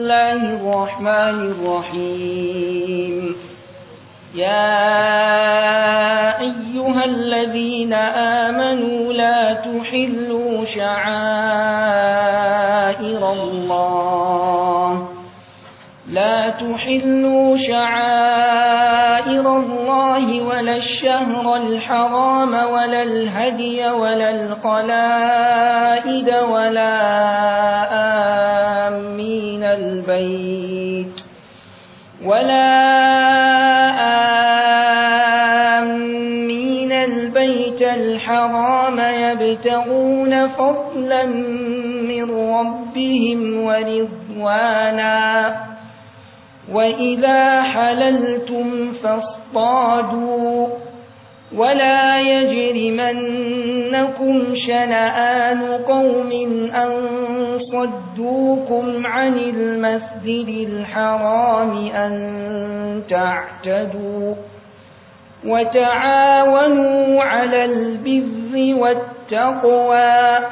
الله الرحمن الرحيم يا أيها الذين آمنوا لا تحلوا شعائر الله لا تحلوا شعائر الله ولا الشهر الحرام ولا الهدي ولا القلائد ولا يبتغون فضلا من ربهم ورضوانا وإذا حللتم فاصطادوا ولا يجرمنكم شنآن قوم أن صدوكم عن المسجد الحرام أن تعتدوا وتعاونوا على البر والتقوى التقوى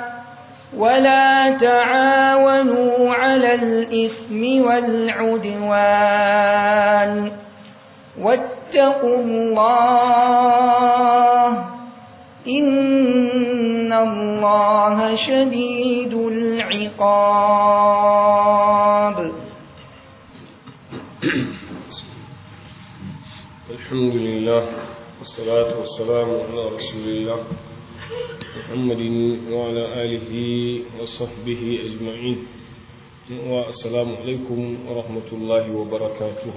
ولا تعاونوا على الإثم والعدوان واتقوا الله إن الله شديد العقاب الحمد لله والصلاة والسلام على رسول الله محمد وعلى آله وصحبه أجمعين والسلام wa ورحمة الله وبركاته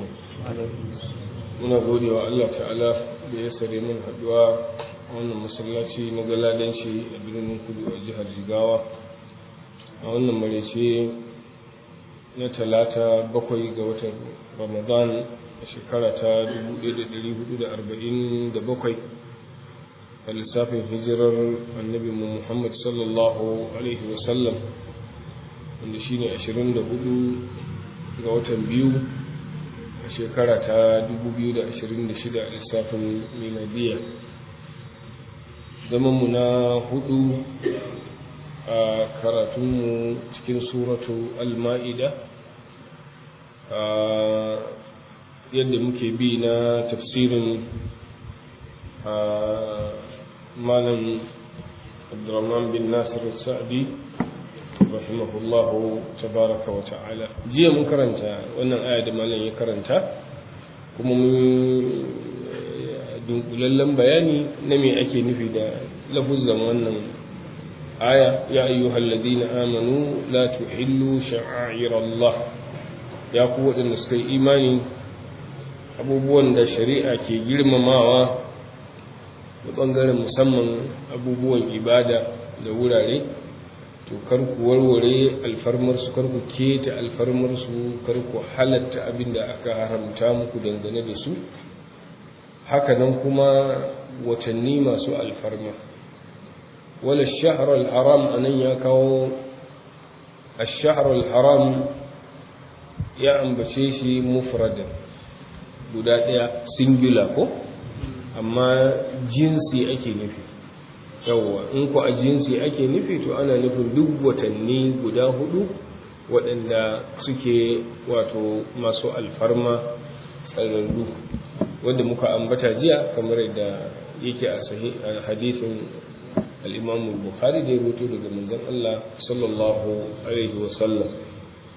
muna gode wa Allah ta'ala da ya sare mun haduwa wannan masallaci na galadanci a birnin kudu a jihar jigawa a wannan marece na talata bakwai ga watan ramadan a shekara ta da da 1447 a lissafin hijirar annabi Muhammad sallallahu alaihi wasallam wanda shi ne 24 ga watan biyu a shekara ta 2026 a lissafin miladiya zamanmu na hudu a karatunmu cikin suratu al-ma'ida yadda muke bi na tafsirin malam abdurrahman bin nasir sa'adi rahimahullahu tabaraka wa ta'ala jiya mun karanta wannan aya da malam ya karanta kuma mun eh, dunkulallen bayani na me ake nufi da lafuzan wannan aya ya ayyuhal ladina amanu la tuhillu sha'airallah ya ku waɗanda suka imani abubuwan da shari'a ke girmamawa da ɓangaren musamman abubuwan ibada da wurare to kar ku warware alfarmarsu kar ku keta alfarmarsu kar ku halatta abin da aka haramta muku dangane da su haka nan kuma watanni masu alfarma wala shahr al-haram anan ya kawo al-Haram ya ambace shi mufrada guda ɗaya singular ko amma jinsi ake nufi yawwa in ku a jinsi ake nufi to ana nufin duk watanni guda hudu waɗanda suke wato masu alfarma tsararru wanda muka ambata jiya kamar yadda yake a hadisin al'imamu buhari da ya rute daga manzon Allah sallallahu alaihi wasallam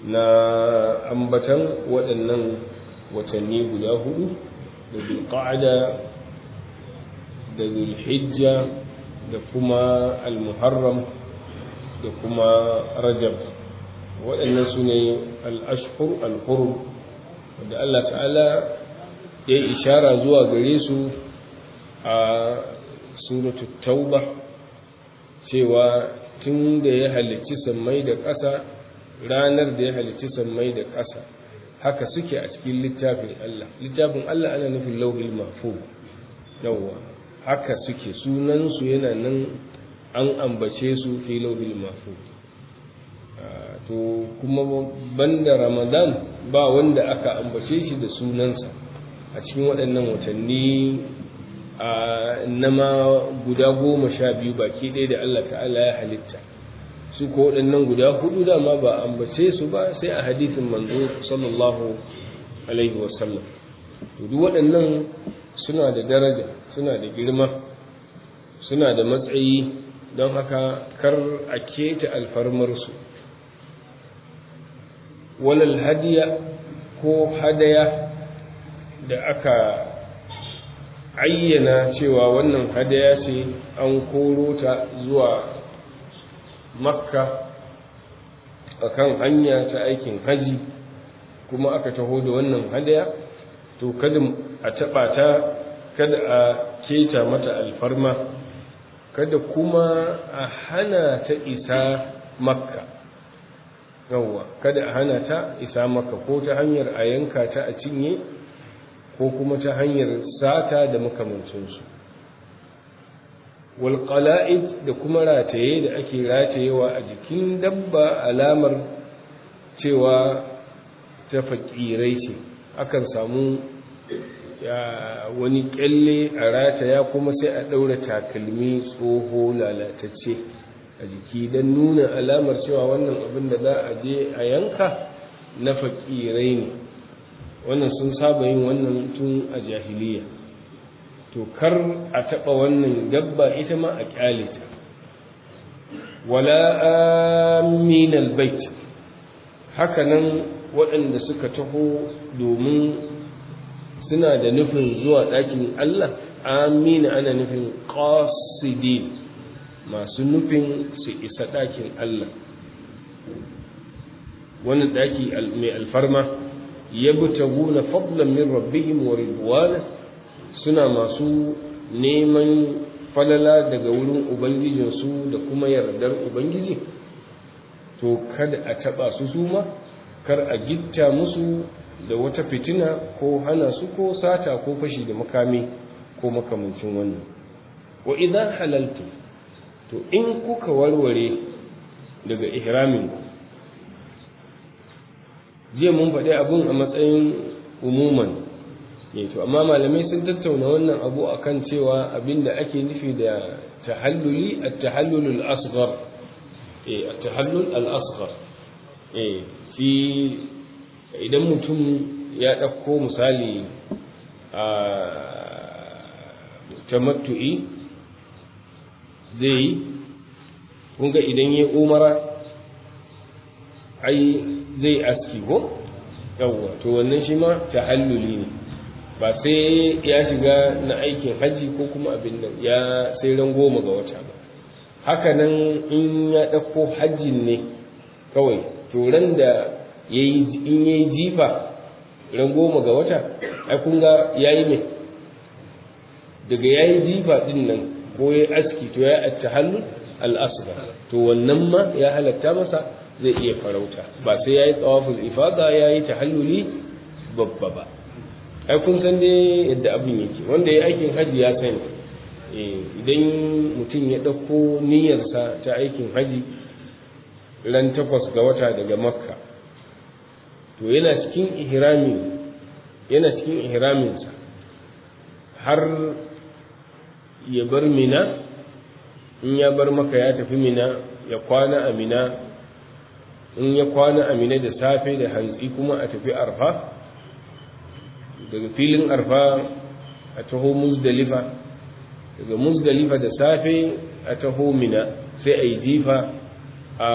na ambatan waɗannan watanni guda hudu da bilqa'ada da zulhijja da kuma almuharram da kuma rajab waɗannan su ne al'ashkur al'urum da Allah ta'ala ya yi ishara zuwa gare su a suratu tauba cewa tun da ya halicci sammai da ƙasa ranar da ya halicci sammai da ƙasa haka suke a cikin littafin Allah littafin Allah ana nufin lauhul mafu yawwa haka suke sunansu yana nan an ambace su filobil mafu ah, to kuma banda ramadan ba wanda aka ambace shi da sunansa a cikin waɗannan watanni a nama guda goma sha biyu baki ɗaya da allah ta'ala ya halitta su ko waɗannan guda hudu dama ba ambace su ba sai a hadisin manzo sallallahu alaihi wasallam to duk waɗannan suna da daraja suna da girma suna da matsayi don haka kar a keta alfarmarsu walal hadiya ko hadaya da aka ayyana cewa wannan hadaya ce an koro ta zuwa makka a kan hanya ta aikin haji kuma aka taho da wannan hadaya to kadin a taɓa ta kada a keta mata alfarma kada kuma a hana ta isa makka yawwa kada a hana ta isa makka ko ta hanyar a yanka ta a cinye ko kuma ta hanyar sata da makamancinsu walƙala'id da kuma rataye da ake ratayewa a jikin dabba alamar cewa ta faƙirai ce akan samu wani kyalle a rata ya kuma sai a ɗaura takalmi tsoho lalatacce a jiki don nuna alamar cewa wannan abin da za a je a yanka na faƙirai ne wannan sun saba yin wannan tun a jahiliya to kar a taɓa wannan dabba ita ma a ƙyale ta wala aminal bait hakanan waɗanda suka taho domin suna da nufin zuwa ɗakin Allah amina ana nufin qasidin masu nufin su isa ɗakin Allah Wani ɗaki mai alfarma ya butaguna fadlan min rabbihim wa ridwana suna masu neman falala daga wurin ubangijinsu da kuma yardar ubangiji to kada a taɓa su suma kar a gitta musu da wata fitina ko hana su ko sata ko fashi da makami ko makamancin wannan wa idan halaltu to in kuka warware daga ihramin jiya mun faɗi abun a matsayin umuman ne to amma malamai sun tattauna wannan abu akan cewa abinda ake nufi da tahalluli at-tahallul al-asghar eh at-tahallul al-asghar eh fi idan mutum ya ɗauko misali a tamattu'i zai yi idan ya umara ai zai aski ko yawwa to wannan shi ma tahalluli ne ba sai ya shiga na aikin hajji ko kuma abin da ya sai ran goma ga wata ba haka nan in ya ɗauko hajjin ne kawai to ran da in ya yi jifa ran goma ga wata a kun ga yi mai daga ya yi jifa din nan ko yi aski to ya at hannu al to wannan ma ya halatta masa zai iya farauta ba sai ya yayi tawaful ifada ta tahalluli babba ba ai kun san dai yadda abin yake wanda yi aikin haji ya sani eh, idan mutum ya ɗauko niyyarsa ta aikin haji ran takwas ga wata daga makka to yana cikin ihrami yana cikin ihraminsa har ya bar mina in ya bar maka ya tafi mina ya kwana a mina in ya kwana a mina da safe da hantsi kuma a tafi arfa daga filin arfa a taho muzdalifa daga muzdalifa da safe a taho mina sai a yi jifa a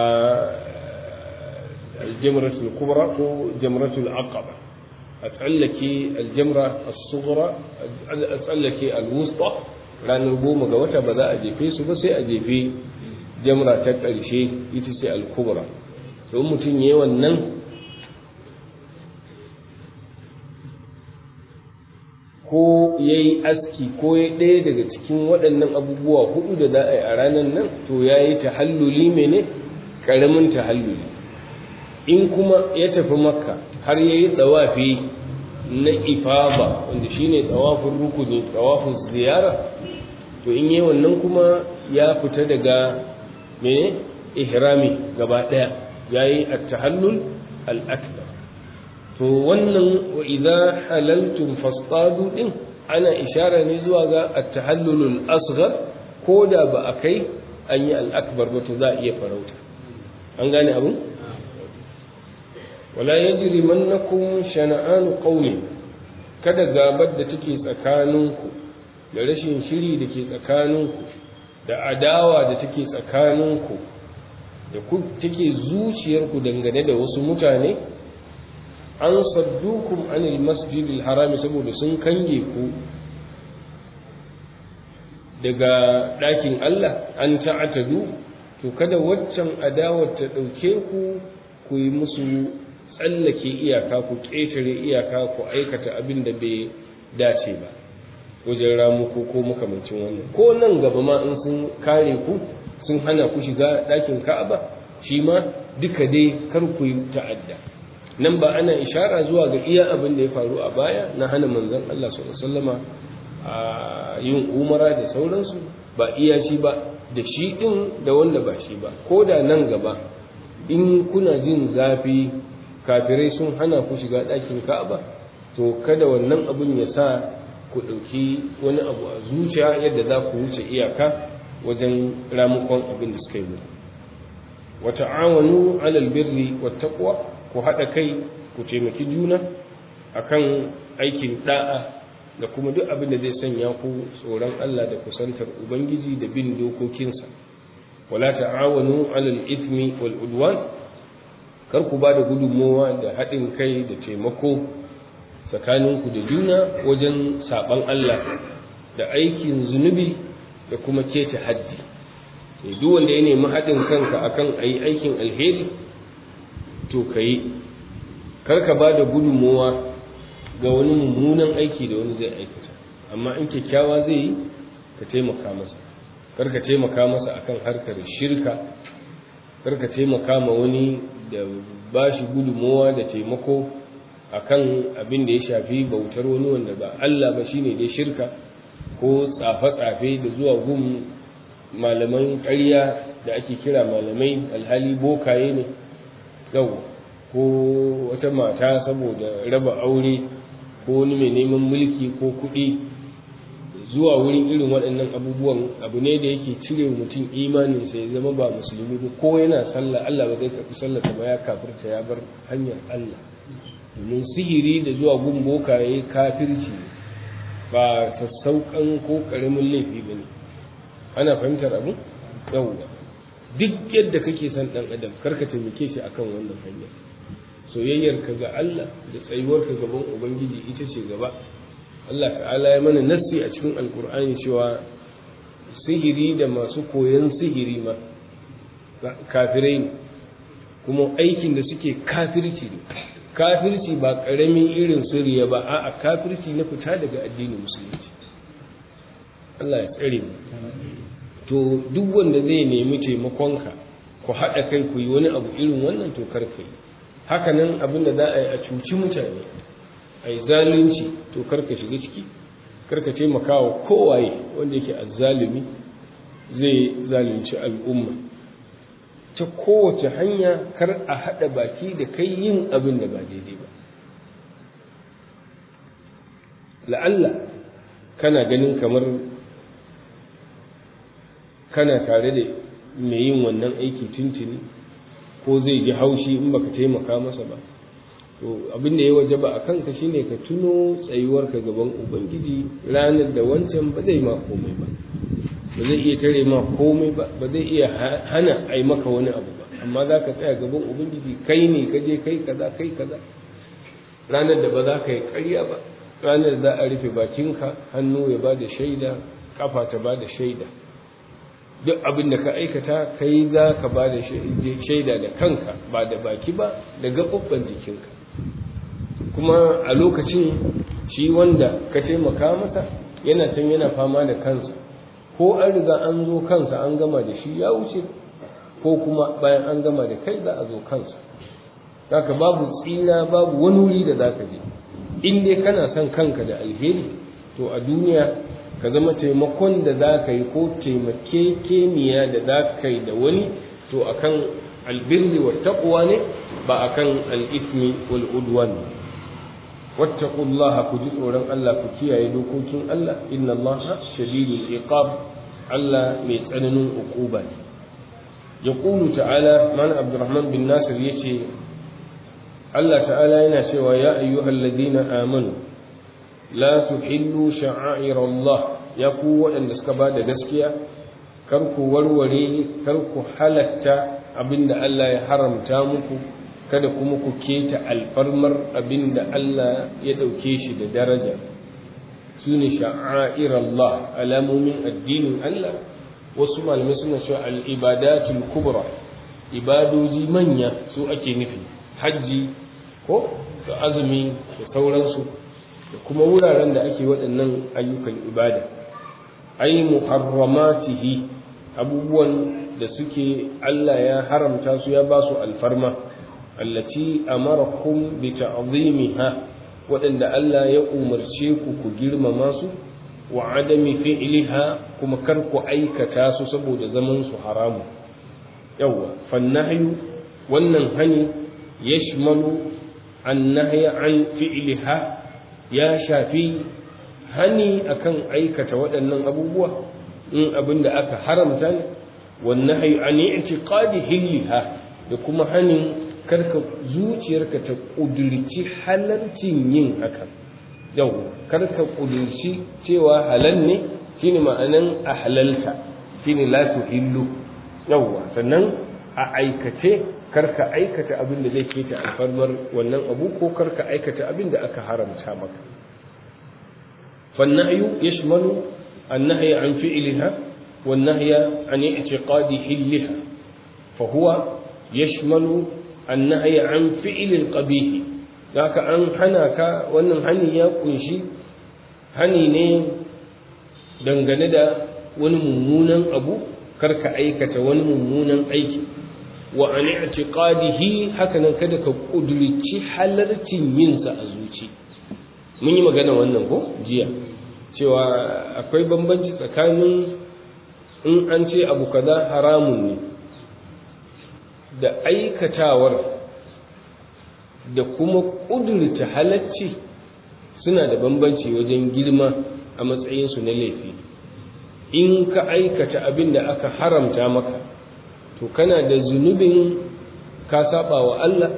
aljamratul kubra ko jamratul aqaba a tsallake aljamra as-sughra a tsallake al-wusta ranar goma ga wata ba za a jefe su ba sai a jefe jamra ta ƙarshe ita ce al to mutum yayi wannan ko ya yi aski ko ya ɗaya daga cikin waɗannan abubuwa huɗu da za a yi a ranar nan to ya yi tahalluli mene ƙaramin tahalluli in kuma ya tafi makka har ya yi tsawafi na ifaba wanda shi ne tsawafin rukuni tsawafin ziyara to in yi wannan kuma ya fita daga mene ihrami gaba daya yayi a tahallul al to wannan wa idza halaltum fasfadu din ana ishara ne zuwa ga a tahallul al ko da ba a kai an yi al’akbar ba to za a iya farauta an gane abin. wala yajrimannakum shana'anu qaumin kada gabar da take tsakaninku da rashin shiri da ke tsakaninku da adawa da take tsakaninku da take zuciyarku dangane da wasu mutane an saddukum anil masjidil harami saboda sun kange ku daga ɗakin Allah an ta'atadu to kada waccan adawar ta ɗauke ku ku yi musu tsallake iyaka ku ƙetare iyaka ku aikata abin da bai dace ba wajen ramuku ko makamancin wannan ko nan gaba ma in sun kare ku sun hana ku shiga dakin ka'aba shi ma duka dai kar ku yi ta'adda nan ba ana ishara zuwa ga iya abin da ya faru a baya na hana manzon Allah sallallahu alaihi a yin umara da sauransu ba iya shi ba da shi din da wanda ba shi ba ko da nan gaba in kuna jin zafi kafirai sun hana ku shiga ɗakin ka'aba to kada wannan abun ya sa ku ɗauki wani abu a zuciya yadda za ku wuce iyaka wajen ramukon abin da suka yi muku wa ta'awanu 'alal birri wa taqwa ku haɗa kai ku taimaki juna akan aikin da'a da kuma duk abin da zai sanya ku tsoron Allah da kusantar ubangiji da bin dokokinsa wala ta'awanu 'alal ithmi wal udwan kar ku ba da gudunmowa da haɗin kai da taimako tsakaninku da juna wajen saɓan Allah da aikin zunubi da kuma keta haddi duk wanda ya nemi haɗin kanka akan a yi aikin alheri to ka yi kar ka ba da gudunmowa ga wani mummunan aiki da wani zai aikata amma in kyakkyawa zai yi ka taimaka masa kar ka taimaka masa akan harkar shirka kar ka taimaka ma wani da ba shi gudunmowa da taimako a kan abin da ya shafi bautar wani wanda ba Allah ba shine dai shirka ko tsafe-tsafe da zuwa gun malaman ƙarya da ake kira malamai alhali bokaye ne yau ko wata mata saboda raba aure ko wani mai neman mulki ko kuɗi zuwa wurin irin waɗannan abubuwan abu ne da yake cire mutum imanin sa ya zama ba musulmi ba ko yana sallah Allah ba zai karɓi sallah ba ya kafirta ya bar hanyar Allah domin sihiri da zuwa gun boka yi kafirci ba ta saukan ko ƙaramin laifi ba ne ana fahimtar abu yawwa duk yadda kake san ɗan adam karka taimake shi akan wannan hanyar soyayyarka ga Allah da tsayuwar tsayuwarka gaban ubangiji ita ce gaba Allah ta'ala ya mana nassi a cikin alkur'ani cewa sihiri da masu koyon sihiri ma kafirai ne kuma aikin da suke kafirci ne kafirci ba ƙaramin irin suriya ba a'a kafirci na fita daga addinin musulunci Allah ya tsare mu to duk wanda zai nemi taimakonka ku haɗa kai ku yi wani abu irin wannan to karfe haka nan abin da za a yi a cuci mutane ai zalunci to karka shiga ciki karka taimaka wa kowaye wanda yake azzalumi zai zalunci al'umma ta kowace hanya kar a haɗa baki da kai yin abin da ba daidai ba la'alla kana ganin kamar kana tare da mai yin wannan aiki tuntuni ko zai ji haushi in baka taimaka masa ba to abin da ya waje ba a kanka shine ka tuno tsayuwar ka gaban ubangiji ranar da wancan ba zai ma komai ba ba zai iya tare ma komai ba ba zai iya hana ai maka wani abu ba amma za ka tsaya gaban ubangiji kai ne ka je kai kaza kai kaza ranar da ba za ka yi ƙarya ba ranar za a rufe bakinka hannu ya ba da shaida kafa ta ba da shaida duk abin da ka aikata kai za ka ba da shaida da kanka ba da baki ba da gaɓaɓɓen jikinka kuma a lokacin shi wanda ka taimaka mata yana can yana fama da kansa ko an riga an zo kansa an gama da shi ya wuce ko kuma bayan an gama da kai za a zo kansa haka babu tsira babu wani wuri da za ka je in dai kana son kanka da alheri to a duniya ka zama taimakon da za ka yi ko taimake kemiya da za ka yi da wani to akan albirri wa taqwa ne ba akan al-ithmi wal udwan ne wattaqullaha ku ji tsoron Allah ku kiyaye dokokin Allah inna Allah shadidul iqab Allah mai tsananin uquba ne yaqulu ta'ala man abdurrahman bin nasir ya ce. Allah ta'ala yana cewa ya ayyuhalladhina amanu la tuhillu sha'air Allah ya ku waɗanda suka ba da gaskiya kar ku warware kar ku halatta abinda Allah ya haramta muku kada kuma ku keta alfarmar abin da Allah ya ɗauke shi da daraja su ne sha'a'ir Allah alamomin addinin Allah wasu malamai suna cewa al'ibadatul kubra ibadoji manya su ake nufi hajji ko da azumi da sauransu da kuma wuraren da ake waɗannan ayyukan ibada ai muharramatihi abubuwan da suke Allah ya haramta su ya ba su alfarma allati amarakum bi ta'zimiha waɗanda Allah ya umarce ku ku girmama su wa adami fi'liha kuma kar ku aikata su saboda zaman su haramu yawa fannahyu wannan hani yashmalu annahya an fi'liha ya shafi hani akan aikata waɗannan abubuwa in abin da aka haramta ne wannan hayu an i'tiqadi da kuma hanin karka zuciyarka ta ƙudurci halarcin yin hakan, yau karka ƙudurci cewa halal ne shine ma'anan a halalta shine la tuhillu Yauwa, sannan a aikace karka aikata abin da zai keta alfarmar wannan abu ko karka aikata abin da aka haramta maka fannayu yashmalu annahi an fi'liha wan nahya an i'tiqadi hilliha fa huwa yashmalu annahi an fi'lil qabih ka an hana ka wannan hani ya kunshi hani ne dangane da wani mummunan abu karka aikata wani mummunan aiki wa an i'tiqadihi haka nan kada ka kudurci halartin yin sa a zuci mun yi magana wannan ko jiya cewa akwai bambanci tsakanin in an ce abu kaza haramun ne da aikatawar da kuma ƙudurta halacci suna da bambanci wajen girma a matsayinsu na laifi in ka aikata abin da aka haramta maka to kana da zunubin ka saba wa Allah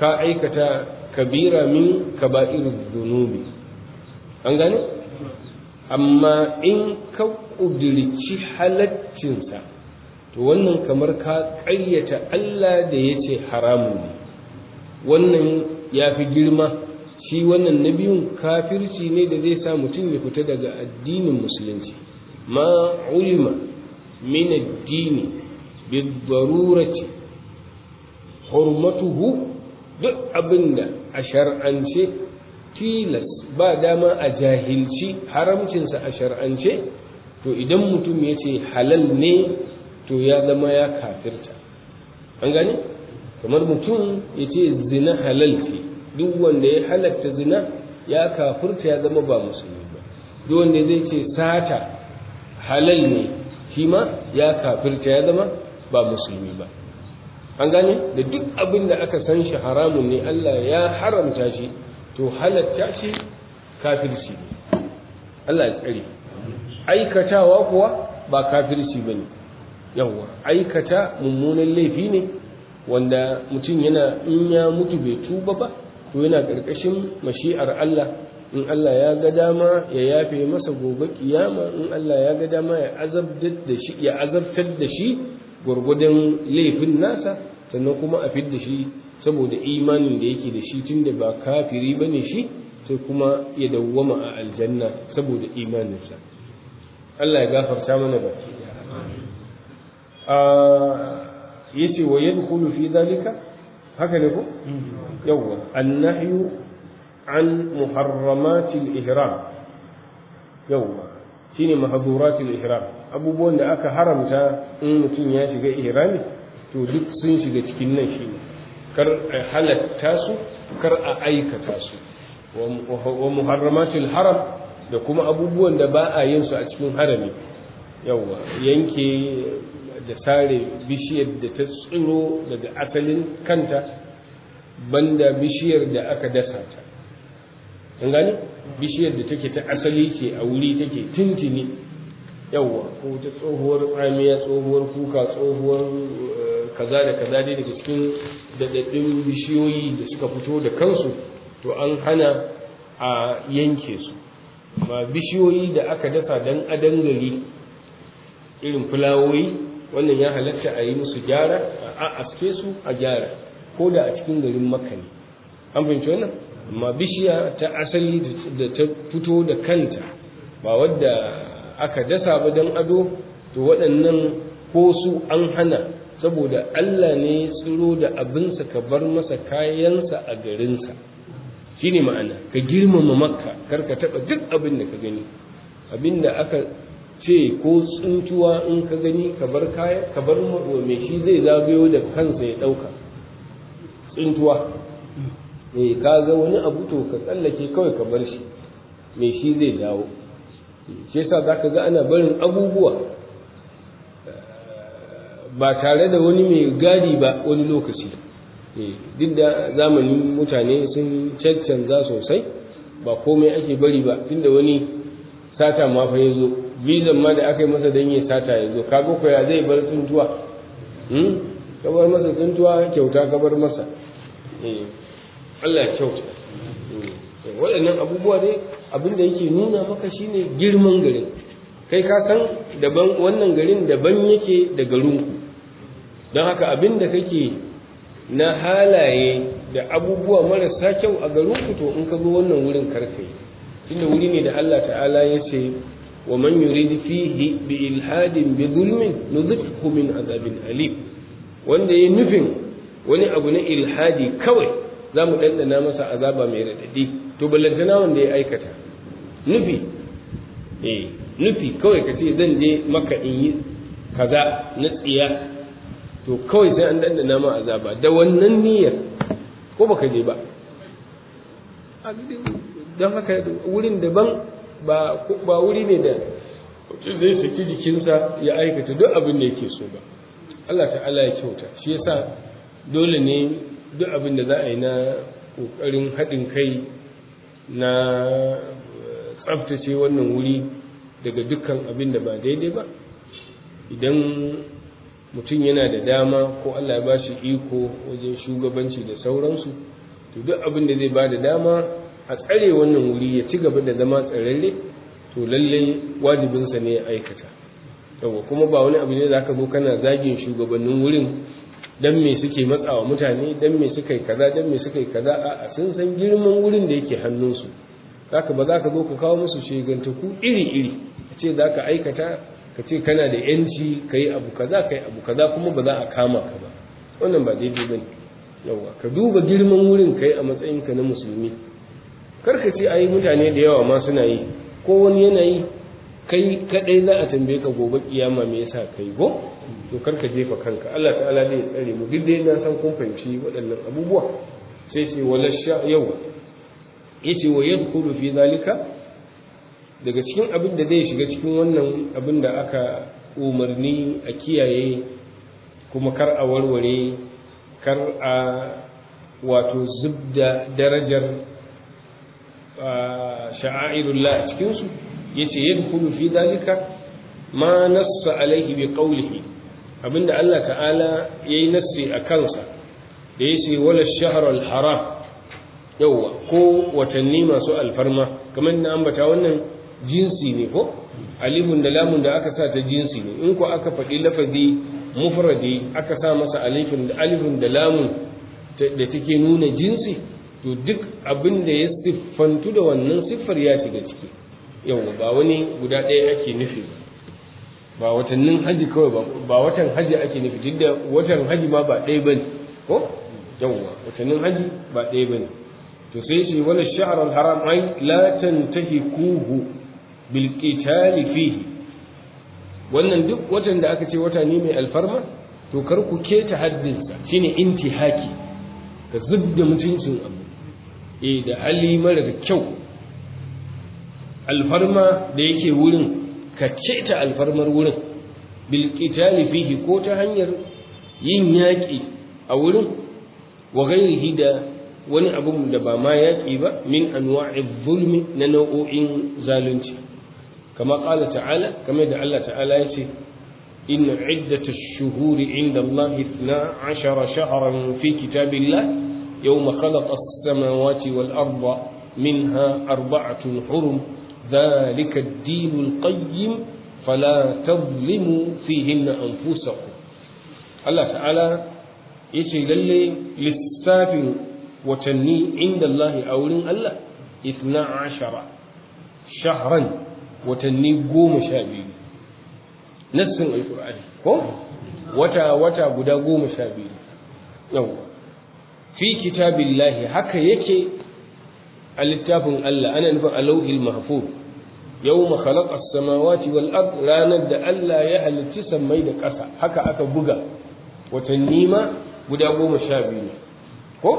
ka aikata kabira min kaba'ir zunubi an gane amma in ka ƙudurci halaccinsa to wannan kamar ka ƙayyata Allah da ya ce haramun ne wannan ya fi girma shi wannan na biyun kafirci ne da zai sa mutum ya fita daga addinin musulunci ma ulima min addini darurati hurmatuhu duk abinda a shar'ance tilas ba dama a jahilci haramcinsa a shar'ance to idan mutum ya ce halal ne to ya zama ya kafirta an gani kamar mutum ya ce zina halal ke duk wanda ya halatta zina ya kafirta ya zama ba musulmi ba duk wanda zai ce sata halal ne shi ma ya kafirta ya zama ba musulmi ba an gane da duk abin da aka san shi haramun ne Allah ya haramta shi to halatta shi kafirci ne Allah ya tsare aikatawa kuwa ba kafirci ne. yawwa aikata mummunan laifi ne wanda mutum yana in ya mutu bai tuba ba to yana ƙarƙashin mashi'ar Allah in Allah ya ga dama ya yafe masa gobe kiyama in Allah ya ga dama ya azabtar da shi ya azabtar da shi gurgudun laifin nasa sannan kuma a fidda shi saboda imanin da yake da shi tunda ba kafiri bane shi sai kuma ya dawwama a aljanna saboda imaninsa Allah ya gafarta mana baki yace wa yadkhulu fi dhalika haka ne ko yawwa annahyu an al ihram yawwa shine al ihram abubuwan da aka haramta in mutum ya shiga ihrami to duk sun shiga cikin nan shi kar a halatta su kar a aikata su wa al haram da kuma abubuwan da ba a yin su a cikin harami yawa yanke da sare bishiyar da ta tsiro daga asalin kanta banda bishiyar da aka dasa ta an gani bishiyar da take ta asali ce a wuri take tintini yawa ko ta tsohuwar tsamiya tsohuwar kuka tsohuwar eh, kaza da kaza dai daga cikin daɗaɗɗun bishiyoyi da suka fito da kansu to an hana a yanke su Ba bishiyoyi da aka dasa dan gari irin fulawoyi wannan ya halatta a yi musu gyara a aske su a gyara ko da a cikin garin makani ne an fahimci wannan amma bishiya ta asali da ta fito da kanta ba wadda aka dasa ba don ado to waɗannan ko su an hana saboda Allah ne tsiro da abinsa ka bar masa kayansa a garinsa shi ne ma'ana ka girmama makka karka taɓa duk abin da ka gani abin da aka ce ko tsuntuwa in ka gani ka bar mai shi zai zagayo da kansa ya ɗauka tsuntuwa eh ka wani abu to ka tsallake kawai ka bar shi mai shi zai dawo shi yasa ka ga ana barin abubuwa eh, ba tare da wani mai gadi ba wani lokaci eh, duk da zamanin mutane sun cancanza sosai ba komai ake bari ba tunda wani sata ma ya zo bizan ma da aka yi masa don yi sata ya zo kaga ya zai bar tsuntuwa hmm? ka bar masa tuntuwa kyauta ka bar masa eh, Allah ya kyauta hmm. eh, waɗannan abubuwa ne abin da yake nuna maka shine girman garin kai ka san daban wannan garin daban yake da garinku don haka abin da kake na halaye da abubuwa marasa kyau a garinku to in ka zo wannan wurin karfe tunda wuri ne da Allah ta'ala ya ce ومن يريد فيه بإلحاد بظلم نذقه من عذاب أليم wanda ya nufin wani abu na ilhadi kawai za mu ɗanɗana masa azaba mai raɗaɗi to ballantana wanda ya aikata nufi eh nufi kawai ka ce zan je maka in yi kaza na tsiya to kawai sai an ɗanɗana ma azaba da wannan niyyar ko baka je ba don haka wurin daban ba wuri ne da mutum zai saki jikinsa ya aikata duk abin da yake so ba Allah ta'ala ya kyauta shi yasa dole ne duk abin da za a yi na kokarin haɗin kai na eh, tsaftace wannan wuri daga dukkan abin da ba daidai ba idan mutum yana da dama ko Allah ya ba shi iko wajen shugabanci da sauransu to duk abin da zai ba da dama a tsare wannan wuri ya ci gaba da zama tsararre to lallai wajibinsa ne ya aikata yawa kuma ba wani abu ne za ka zo kana zagin shugabannin wurin dan me suke matsawa mutane dan me suka yi kaza dan me suka yi kaza a sun san girman wurin da yake hannunsu Za ka ba za ka zo ka kawo musu shigantaku iri-iri a ce za ka aikata ka ce kana da yanci ka yi abu kaza ka yi abu kaza kuma ba za a kama ka ba wannan ba daidai ba ne yauwa ka duba girman wurin ka yi a matsayinka na musulmi karka ce ayi mutane da yawa ma suna yi ko wani yanayi kai kaɗai za a tambaye ka gobe kiyama me yasa kai go to karka jefa kanka Allah ta'ala zai tsare mu duk dai na san kun fahimci waɗannan abubuwa sai ce wala sha yau yace wa yadkhulu fi zalika daga cikin abin da zai shiga cikin wannan abin da aka umarni a kiyaye kuma kar a warware kar a wato zubda darajar sha'airullah cikin su yace yadkhulu fi dalika ma nassa alaihi bi qawlihi abinda Allah ta'ala yayi nassi a kansa da yace wala shahr al haram yawa ko watanni masu alfarma kamar na ambata wannan jinsi ne ko alifun da lamun da aka sa ta jinsi ne in ko aka faɗi lafazi mufradi aka sa masa alifin da alifun da lamun da take nuna jinsi to duk abin da ya siffantu da wannan siffar ya shiga ciki yau ba wani guda ɗaya ake nufi ba watannin haji kawai ba watan haji ake nufi duk da watan haji ma ba ɗaya ba ne ko yawwa. watannin haji ba ɗaya ba ne. to sai shi wani sha'r al haram ta ke kuhu bil qitali fihi wannan duk watan da aka ce wata ne mai alfarma to kar ku keta haddinsa shine intihaki ka zubda mutuncin abu e da ali marar kyau alfarma da yake wurin ka ta alfarmar wurin bilkitali fihi ko ta hanyar yin yaƙi a wurin wa gairihi da wani abin da ba ma yaƙi ba min anwa'in zulmi na nau'o'in zalunci kama ƙala ta'ala kame da Allah ta'ala ya ce inna iddatash shuhuri inda Allah 12 shahran fi kitabillah يوم خلق السماوات والأرض منها أربعة حرم ذلك الدين القيم فلا تظلموا فيهن أنفسكم الله تعالى يتي للي للسافر وتني عند الله أولين الله اثنا عشر شهرا وتني قوم شابين نفس القرآن وتا وتا قدا قوم شابين يوم نعم. fi kitabillahi haka yake a littafin Allah ana nufin alauhil mahfuz yawma khalaqa as-samawati wal ard ranar da Allah ya halitti sammai da ƙasa haka aka buga watanni ma guda goma sha biyu ko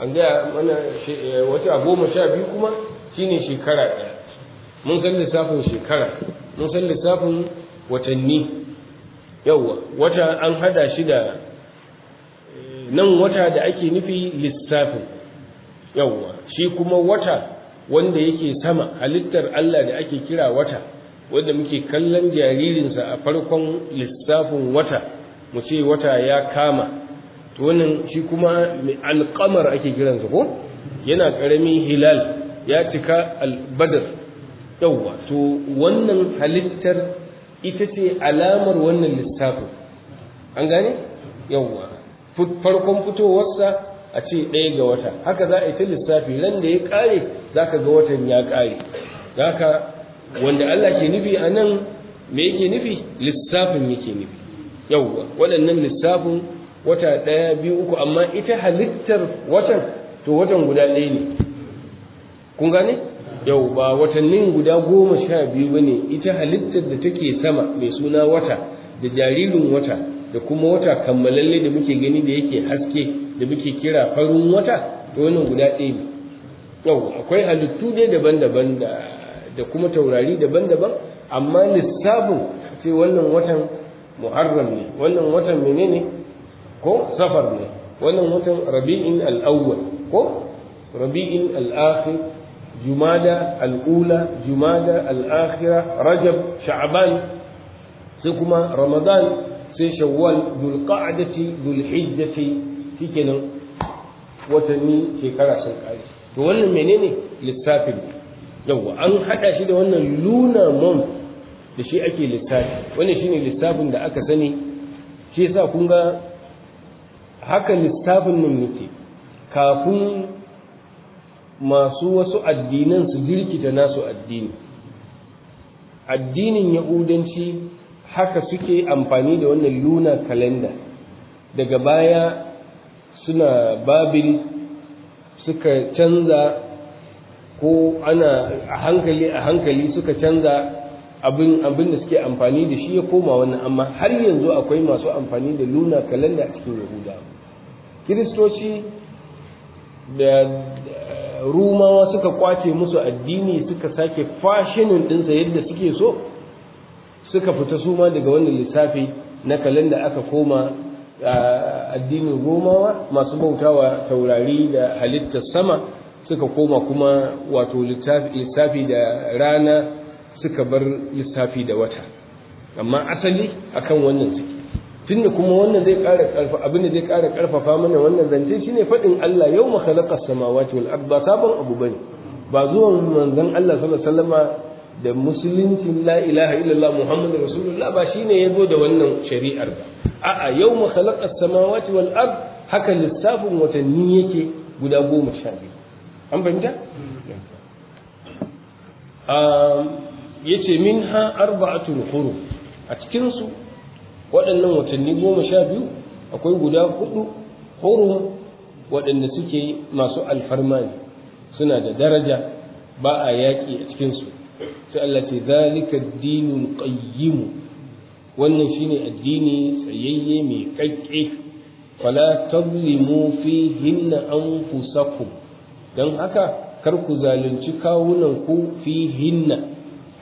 an ga mana eh, wata goma sha biyu kuma shine shekara ɗaya mun san lissafin shekara mun san lissafin watanni yawwa wata an hada shi da nan wata da ake nufi lissafin yawwa shi kuma wata wanda yake sama halittar Allah da ake kira wata wanda muke kallon jaririnsa a farkon lissafin wata mu ce wata ya kama to wannan shi kuma alƙamar ake kiransa ko yana ƙaramin hilal ya cika albadar yawwa to wannan halittar ita ce alamar wannan lissafin an gane yawwa farkon fitowarsa a ce ɗaya ga wata haka za a yi ta lissafi ran da ya ƙare za ka ga watan ya ƙare za ka wanda Allah ke nufi a nan me yake nufi lissafin yake nufi yauwa waɗannan lissafin wata ɗaya biyu uku amma ita halittar watan to watan guda ɗaya ne kun gane yau ba watannin guda goma sha biyu ba ne ita halittar da take sama mai suna wata da jaririn wata da kuma wata kammalalle da muke gani da yake haske da muke kira farin wata to wannan guda ɗaya ne yau akwai halittu ne daban-daban da kuma taurari daban-daban amma lissafin sai wannan watan muharram ne wannan watan menene ko safar ne wannan watan rabi'in al ko rabi'in al-akhir jumada al-ula jumada al'akhira rajab sha'ban sai kuma ramadan sai shawwal dulqa'dati dulhijjati shikenan watanni shekara sun kare to wannan menene lissafin yawa an hada shi da wannan luna mom da shi ake lissafi wannan shine lissafin da aka sani shi yasa kun ga haka lissafin nan yake kafin masu wasu addinan su jirkita nasu addini addinin yahudanci haka suke amfani da wannan luna calendar daga baya suna babin suka canza ko ana a hankali a hankali suka canza abin abin da suke amfani da shi ya koma wannan amma har yanzu akwai masu amfani da luna calendar a cikin yahuda kiristoci da rumawa suka kwace musu addini suka sake fashinin ɗinsa yadda suke so suka fita su ma daga wannan lissafi na kalanda aka koma addinin romawa masu bautawa taurari da halittar sama suka koma kuma wato lissafi da rana suka bar lissafi da wata amma asali akan wannan suke Tun da kuma wannan zai ƙara ƙarfa abin da zai ƙara ƙarfafa mana wannan zance shine faɗin Allah yau ma khalaqa samawati wal ard ba sabon abu bane ba zuwan manzon Allah sallallahu alaihi wasallama da musulunci la ilaha illallah muhammadu rasulullah ba shine ya zo da wannan shari'ar ba a'a yau ma khalaqa samawati wal ard haka lissafin watanni yake guda goma sha biyu an fahimta um, yace minha arba'atul huru a cikin su waɗannan watanni goma sha biyu akwai guda hudu huru waɗanda suke masu alfarma suna da daraja ba a yaƙi a cikinsu التي ذلك الدين القيم والنشين الدين سيئي ميكيك فلا تظلموا فيهن أنفسكم دن هكا كرك ذالن تكاوننكو فيهن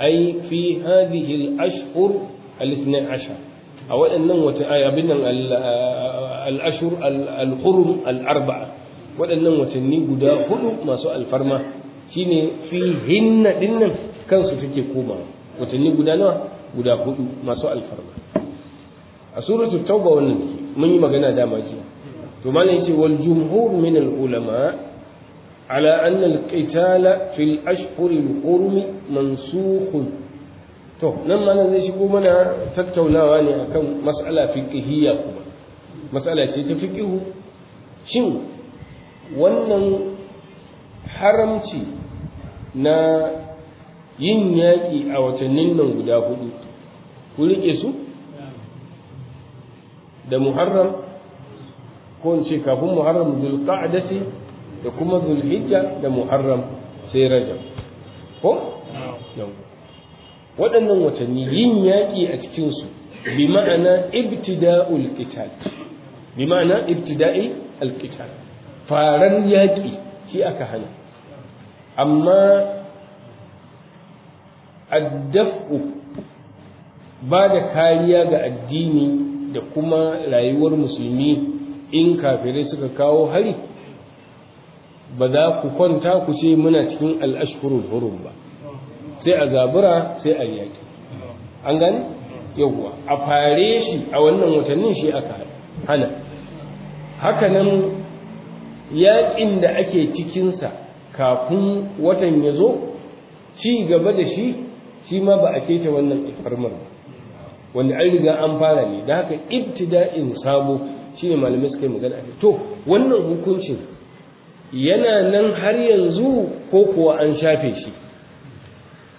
أي في هذه الأشهر الاثنى عشر أو أنهم وتأي أبنن الأشهر الحرم الأربعة وأنهم وتنين قدا خلو ما سؤال فرما فيهن دنن kansu take koma watanni guda nawa guda hudu masu alfarma a suratul tauba wannan mun yi magana da ce to malam yace wal jumhur min al ulama ala anna al qitala fil ashhur al hurum mansukh to nan malam zai shigo mana tattaunawa ne akan mas'ala fiqhiyya kuma mas'ala ce ta fiqhu shin wannan haramci na yin yaƙi a watannin nan guda hudu ku riƙe su da muharram ko in ce kafin muharram zulqa'dati da kuma zulhijja da muharram sai rajab ko waɗannan watanni yin yaƙi a cikin su bi ma'ana ibtida'ul qital bi ma'ana ibtida'i al qital faran yaƙi shi aka hana amma addaf'u ba da kariya ga addini da kuma rayuwar musulmi in kafirai suka kawo hari ba za ku kwanta ku ce muna cikin al'ashkurul hurum ba sai a zabura sai a yaki an gani yawwa a fare shi a wannan watannin shi aka hana Haka nan, yaƙin da ake cikinsa kafin watan ya zo ci gaba da shi shi ma ba a keta wannan ifarmar ba wanda an riga an fara ne da haka ibtida'in sabo shine malamai suka yi magana to wannan hukuncin yana nan har yanzu ko kuwa an shafe shi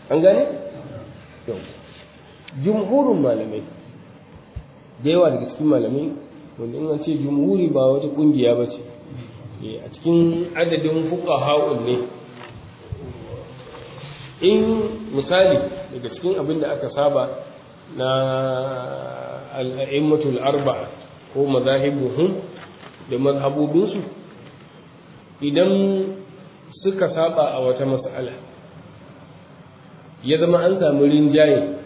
an gane jumhurin malamai da yawa daga cikin malamai wanda in an ce jumhuri ba wata kungiya ba ce eh, a cikin adadin fuka ne in misali daga cikin abin da aka saba na al'a'immatul arba ko mazahibuhun da mazhabubinsu idan suka saba a wata matsala ya zama an samu rinjayen,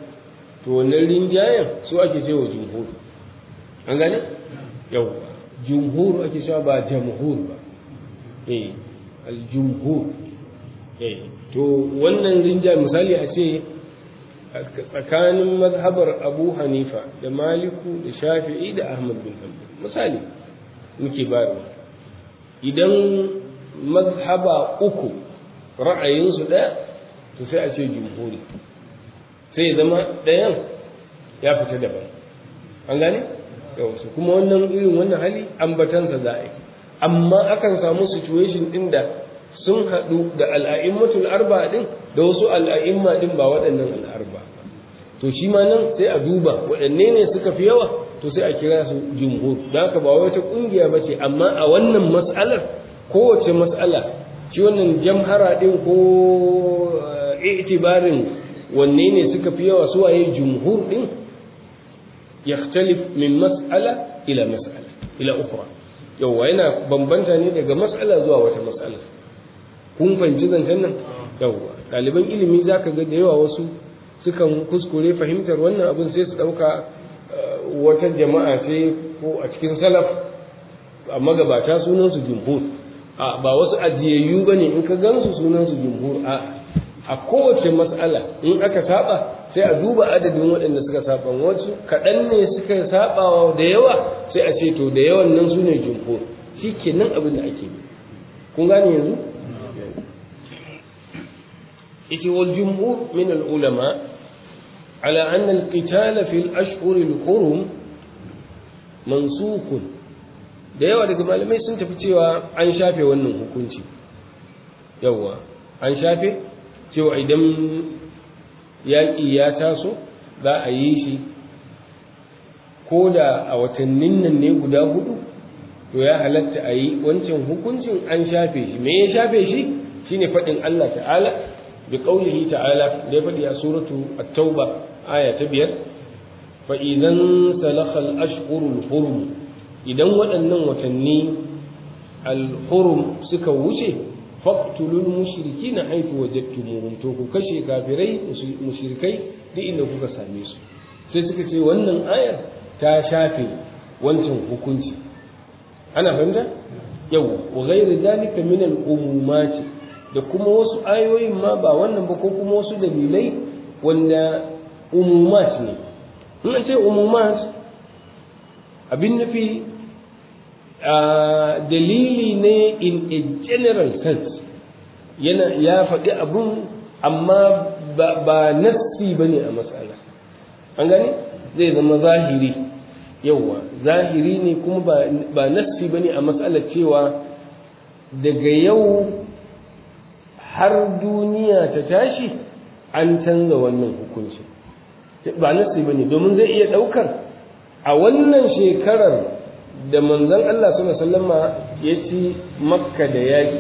to wannan rinjayen su ake cewa jumhur an gane yau jumhur ake cewa ba jamhur ba eh al-jumhur eh to wannan rinjayen misali a ce tsakanin mazhabar abu hanifa da maliku da shafi'i da ahmad bin hanbal misali muke bayarwa idan mazhaba uku ra'ayinsu ɗaya to sai a ce jumhuri sai ya zama ɗayan ya fita daban an gane yawansu kuma wannan irin wannan hali ambatansa za a yi amma akan samu situation ɗin da sun haɗu da al'a'immatul arba'a din da wasu al'a'imma din ba waɗannan al'a'imma to shi ma nan sai a duba waɗanne ne suka fi yawa to sai a kira su jumhur da haka ba wata ƙungiya ba ce amma a wannan mas'alar kowace mas'ala shi wannan jamhara ɗin ko eh, i'tibarin wanne ne suka fi yawa waye jumhur ɗin yakhtalif min mas'ala ila mas'ala ila Yau wa yana bambanta ne daga mas'ala zuwa wata mas'ala kun fahimci zancen nan ah. yawa ɗaliban ilimi zaka ga da yawa wasu sukan kuskure fahimtar wannan abin sai su ɗauka uh, wata jama'a sai ko a cikin salaf a magabata sunansu jumhur A ba wasu ajiyayyu ba ne in ka gansu sunansu jumhur a a kowace matsala in aka saba sai a duba adadin waɗanda suka saba wasu kaɗan ne suka saba da yawa sai a ce to da yawan nan su ne jumhur shi ke nan abin da ake kun gane yanzu ita wal jumhur min al ulama على أن القتال في الأشهر الحرم منسوخ da yawa daga malamai sun tafi cewa an shafe wannan hukunci yawa an shafe cewa idan yaƙi ya taso za a yi shi ko da a watannin nan ne guda hudu to ya halatta a yi wancan hukuncin an shafe shi me ya shafe shi shine faɗin Allah ta'ala bi qaulihi ta'ala da ya faɗi a suratu at-tauba aya ta biyar fa idan salakha ashhurul hurum idan waɗannan watanni al-hurum suka wuce faqtulul mushrikina haythu wajadtumuhum to ku kashe kafirai mushrikai duk inda kuka same su sai suka ce wannan ayar ta shafe wancan hukunci ana fahimta yau wa ghairu dalika min al-umumati da kuma wasu ayoyin ma ba wannan ba ko kuma wasu dalilai wanda umumat ne in ce umumat abin nufi ah, dalili ne in a general sense yana ya faɗi abun amma ba nassi ba ne a matsala an gani zai zama zahiri yauwa zahiri ne kuma ba nassi ba ne a matsala cewa daga yau har duniya ta tashi an canza wannan hukuncin ba nasi ba ne domin zai iya ɗaukar a wannan shekarar da manzon Allah suna sallama ya ci makka da yaƙi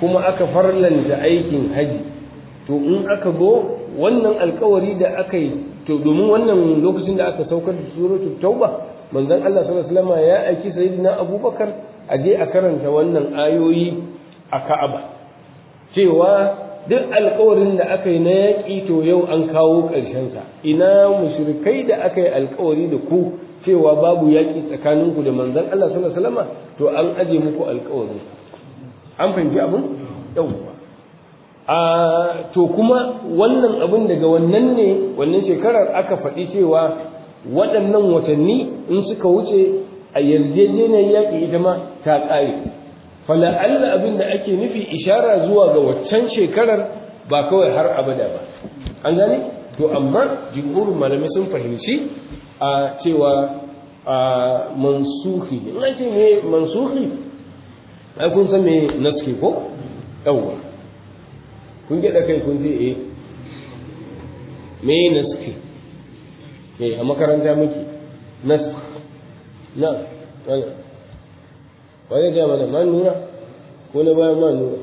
kuma aka farlanta aikin haji to in aka go wannan alkawari da aka yi to domin wannan lokacin da aka saukar da suratul tauba manzon Allah suna sallama ya aiki sayyidina abubakar a je a karanta wannan ayoyi a ka'aba cewa duk alkawarin da aka yi na yaƙi to yau an kawo ƙarshensa ina mushrikai da aka yi alkawari da ku cewa babu yaƙi tsakaninku da manzon Allah sallallahu alaihi wasallam to an aje muku alkawarin an fahimci abin yauwa a to kuma wannan abin daga wannan ne wannan shekarar aka faɗi cewa waɗannan watanni in suka wuce a yarjejeniyar yaƙi ita ma ta ƙare fala'alla abin da ake nufi ishara zuwa ga waccan shekarar ba kawai har abada ba an gane to amma jimhurin malamai sun fahimci a cewa a mansuhi in an ce ne mansuhi ai kun san me naske ko yawwa kun gyaɗa kai kun ce eh me naske eh a makaranta muke naske na ba zai gaya mana man nuna ko na bayan man nuna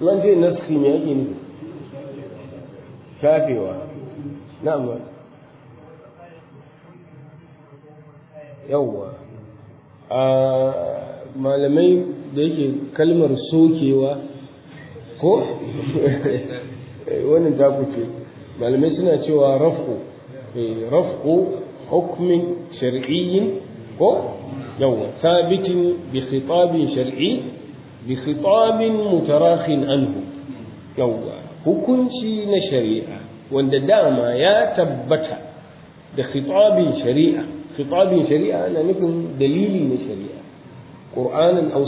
man ce suke ne yake ne shafewa na amma yawwa a malamai da yake kalmar sokewa ko wannan ta kuce malamai suna cewa rafko eh, rafko hukumin shari'iyyin ko yawa sabitin bi khitabin shar'i bi khitabin mutarakhin anhu yawa hukunci na shari'a wanda dama ya tabbata da khitabin shari'a khitabin shari'a na nufin dalili na shari'a qur'anan aw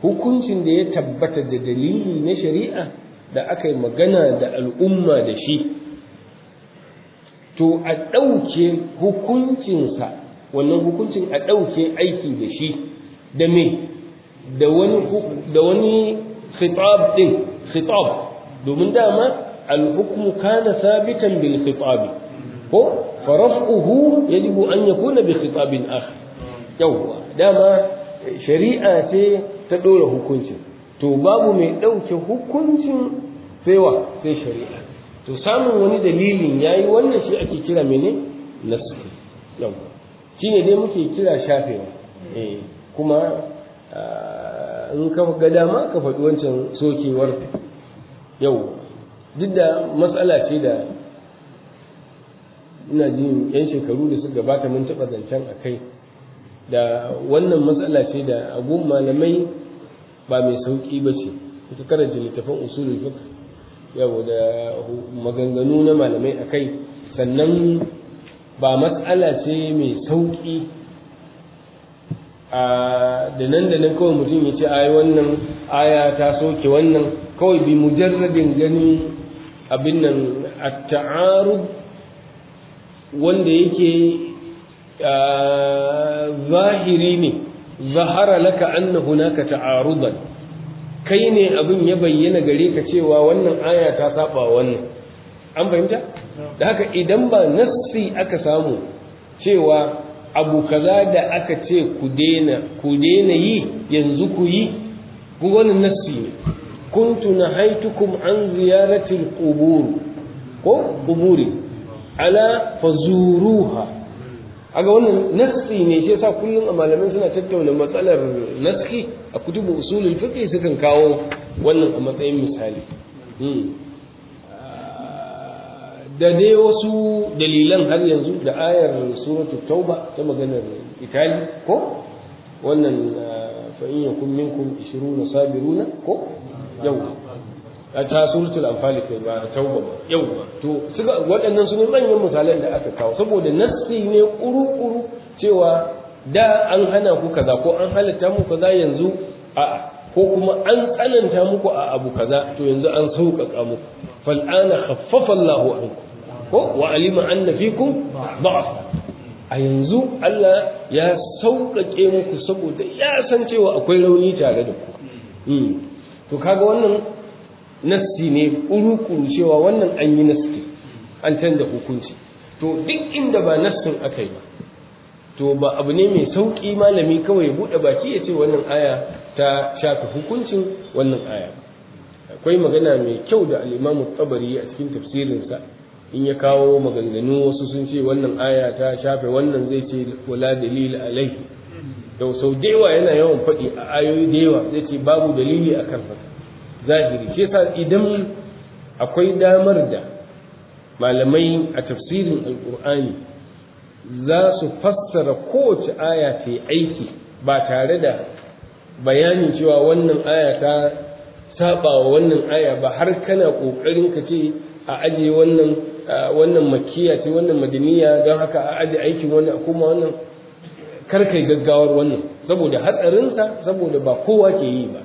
hukuncin da ya tabbata da dalili na shari'a da aka yi magana da al'umma da shi to a ɗauke hukuncinsa wannan hukuncin a ɗauke aiki da shi da me da wani khitab khitab domin dama al-hukmu kana sabitan bil khitab ko faraf'uhu yajibu an yakuna bi khitabin akhar yawwa dama shari'a ce ta dora hukuncin to babu mai ɗauke hukuncin saiwa sai shari'a to samun wani dalilin yayi wannan shi ake kira mene nasu yawwa ne dai muke kira shafewa eh kuma in ka ga dama ka faɗi wancan sokewar yau duk da matsala ce da ina jin yan shekaru da suka gabata mun taɓa zancen a kai da wannan matsala ce da agun malamai ba mai sauƙi ba ce ita karanta littafin usulun fiqh yau da maganganu na malamai a kai sannan ba matsala ce mai sauƙi a da nan da nan kawai mutum ya ce ai wannan aya ta soke wannan kawai bi mujarrabin gani abin nan a ta'aru wanda yake zahiri ne zahara laka anna hunaka ta'arudan kai ne abin ya bayyana gare ka cewa wannan aya ta saba wannan an fahimta da haka idan ba nassi aka samu cewa abu kaza da aka ce ku daina ku daina yi yanzu ku yi ku wani nassi ne kuntu nahaitukum an ziyaratil qubur ko quburi ala fazuruha aga wannan nassi ne shi yasa kullum a malamin suna tattauna matsalar naski a kutubu usulul fiqh sukan kawo wannan a matsayin misali hmm. da dai wasu dalilan har yanzu da ayar suratul tauba ta maganar itali ko wannan ah, fa in yakum minkum 20 sabiruna ko yau ta suratul anfal kai ba tauba ba yau to suka waɗannan sun manyan misalan da aka kawo saboda nassi ne kuru-kuru cewa da an hana ku kaza ko an halatta mu kaza yanzu a'a ko kuma an tsananta muku a abu kaza to yanzu an sauƙaƙa muku fal'ana khaffafa Allahu anku ko wa alima anna fikum da'af a yanzu Allah ya sauƙaƙe muku saboda ya san cewa akwai rauni tare da ku hmm. to kaga wannan nasti ne kuru cewa wannan an yi nasti an canza hukunci to duk inda ba nastin aka yi to ba abu ne mai sauƙi malami kawai buɗe baki ya ce wannan aya ta shafi hukuncin wannan aya akwai magana mai kyau da al'imamu tabari a cikin tafsirinsa in ya kawo maganganu wasu sun ce wannan aya ta shafe wannan zai ce wala dalil alai to sau da yana yawan faɗi a ayoyi da yawa zai ce babu dalili a kan zahiri shi yasa idan akwai damar da malamai a tafsirin alqur'ani za su fassara kowace aya ta yi aiki ba tare da bayanin cewa wannan aya ta saba wannan aya ba har kana ƙoƙarin ka ce a ajiye wannan wannan makiya ce wannan madaniya don haka a aji aikin wannan kuma wannan karkai gaggawar wannan saboda hatsarinsa saboda ba kowa ke yi ba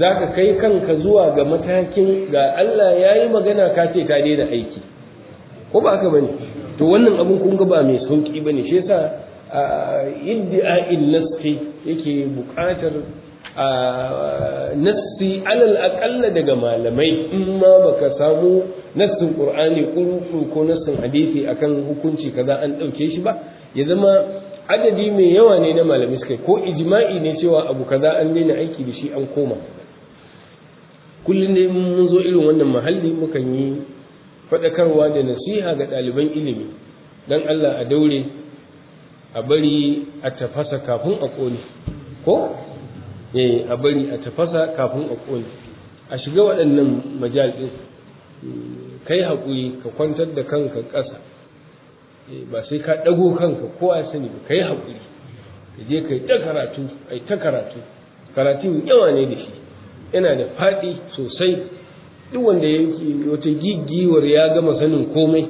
za ka kai kanka zuwa ga matakin ga Allah ya yi magana ka ce ka daina aiki ko ba haka bane to wannan abin kun ga ba mai sauki a shi yasa iddi'a'in nassi yake buƙatar nafsi alal aqalla daga malamai in ma baka samu nassin qur'ani kuruku ko nassin hadisi akan hukunci kaza an dauke shi ba ya zama adadi mai yawa ne na malamai suka ko ijma'i ne cewa abu kaza an daina aiki da shi an koma kullum dai mun zo irin wannan mahalli mukan yi faɗakarwa da nasiha ga ɗaliban ilimi dan Allah a daure a bari a tafasa kafin a ƙone ko eh a bari a tafasa kafin a ƙone a shiga waɗannan majal ɗin kai haƙuri ka kwantar da kanka ƙasa eh, ba sai ka ɗago kanka ko a sani ba kai haƙuri ka je ka yi ta karatu ta karatu karatun yawa ne da shi yana da faɗi sosai duk wanda yake wata gigiwar ya gama sanin komai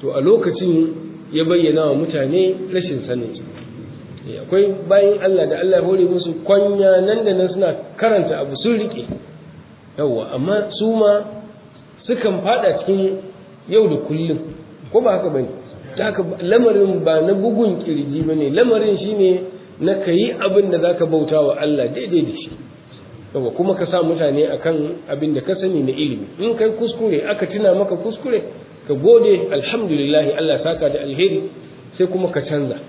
to a lokacin ya bayyana wa mutane rashin sanin su eh, akwai bayan Allah da Allah ya hore musu kwanya nan da nan suna karanta abu sun riƙe yawwa amma su ma sukan fada cikin yau da kullum ko ba haka bane haka lamarin ba na bugun kirji bane lamarin shine na kayi abin da zaka bauta wa Allah daidai da shi yawa kuma ka sa mutane akan abin da ka sani na ilimi in kai kuskure aka tuna maka kuskure ka gode alhamdulillah Allah saka da alheri sai kuma ka canza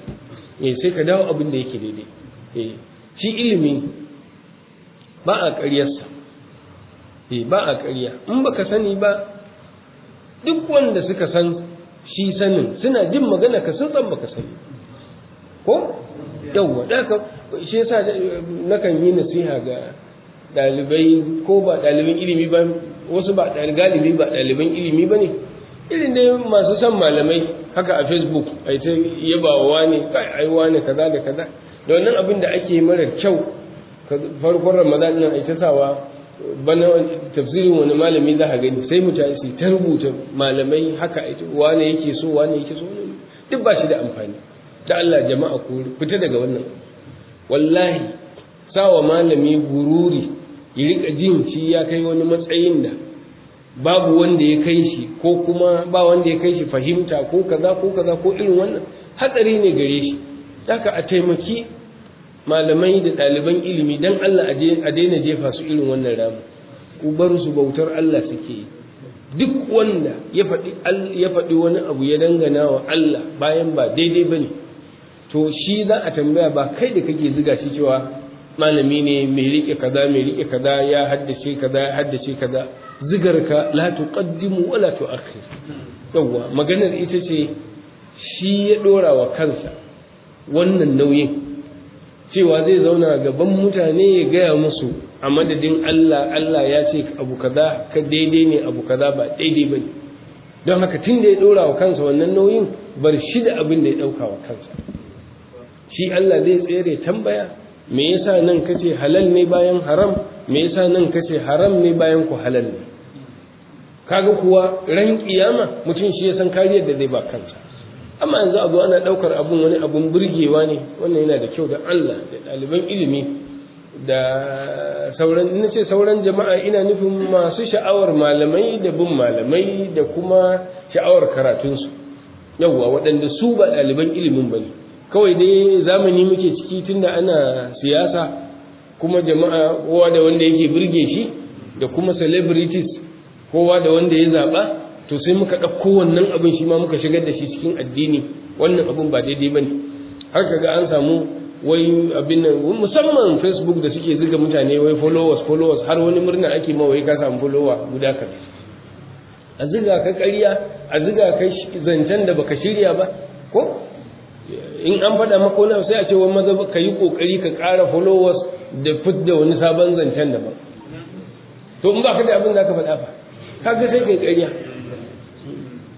eh sai ka dawo abin da yake daidai eh shi ilimi ba a ƙaryarsa eh ba a ƙarya in baka sani ba duk wanda suka san shi sanin suna jin magana ka sun san baka sani ko yawwa da ka shi yasa eh, kan yi nasiha ga ɗalibai ko ba ɗalibin ilimi ba wasu ba galibi ba ɗaliban ilimi ba ne irin dai masu san malamai haka a facebook a ita yabawa ne kai aiwa ne kaza da kaza da wannan abin da ake mara kyau farkon ramadan nan a sawa bana tafsirin wani malami za ka gani sai mutane su ta rubuta malamai haka wane yake so wane yake so duk ba shi da amfani da Allah jama'a ku fita daga wannan wallahi sawa malami gururi ya rika jin shi ya kai wani matsayin da babu wanda ya kai shi ko kuma ba wanda ya kai shi fahimta ko kaza ko kaza ko irin wannan hatsari ne gare shi haka a taimaki malamai da ɗaliban ilimi don Allah a daina jefa su irin wannan ramu ku bar su bautar Allah suke yi duk wanda ya faɗi wani abu ya dangana wa Allah bayan ba daidai ba ne to shi za a tambaya ba kai da kake ziga shi cewa malami ne mai riƙe kaza mai riƙe kaza ya haddace kaza ya haddace kaza zigar ka, la tuqaddimu wa la tuakhir yawwa maganar ita ce shi ya dora wa kansa wannan nauyin cewa zai zauna gaban mutane ya gaya musu a madadin Allah Allah ya ce abu kaza ka daidai ne abu kaza ba daidai ba ne don haka tun da ya ɗora wa kansa wannan nauyin bar shi da abin da ya ɗauka wa kansa shi Allah zai tsere tambaya me yasa nan kace halal ne bayan haram me yasa nan kace haram ne bayan ku halal ne kaga kuwa ran kiyama mutum shi ya san kariyar da zai ba kansa amma yanzu abu ana ɗaukar abun wani abun burgewa ne wannan yana da kyau da Allah da ɗaliban ilimi da sauran ina ce sauran jama'a ina nufin masu sha'awar malamai da bin malamai da kuma sha'awar karatunsu yawwa waɗanda su ba ɗaliban ilimin ba ne kawai dai zamani muke ciki tunda ana siyasa kuma jama'a kowa da wanda yake burge shi da kuma celebrities kowa da wanda ya zaɓa to sai muka ɗauko kowannan abin shi ma muka shigar da shi cikin addini wannan abin ba daidai ba ne har kaga an samu wai abin nan musamman facebook da suke ziga mutane wai followers followers har wani murna ake ma wai ka samu follower guda ka a ziga ka ƙarya a ziga ka zancen da baka shirya ba ko in an faɗa maka wani sai a ce wani maza ka yi ƙoƙari ka ƙara followers da fit da wani sabon zancen da ba to in ba ka da abin da ka faɗa ba ka ga sai kai ƙarya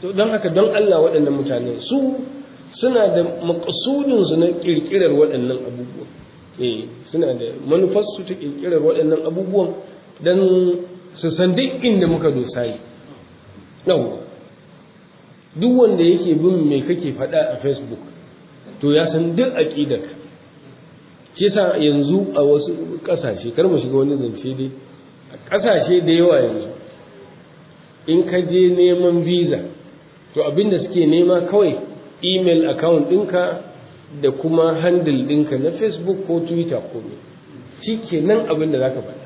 to don haka don Allah waɗannan mutanen su suna da makasudinsu na ƙirƙirar waɗannan abubuwan eh suna da manufarsu ta ƙirƙirar waɗannan abubuwan don su san duk inda muka dosa yi duk wanda yake bin me kake faɗa a facebook to ya san duk aƙidar Ke sa yanzu a wasu ƙasashe kar mu shiga wani zance dai a ƙasashe da yawa yanzu in ka je neman visa to abinda suke nema kawai email account ɗinka da kuma handle ɗinka na facebook ko twitter ko ne shi ke nan abinda za ka bada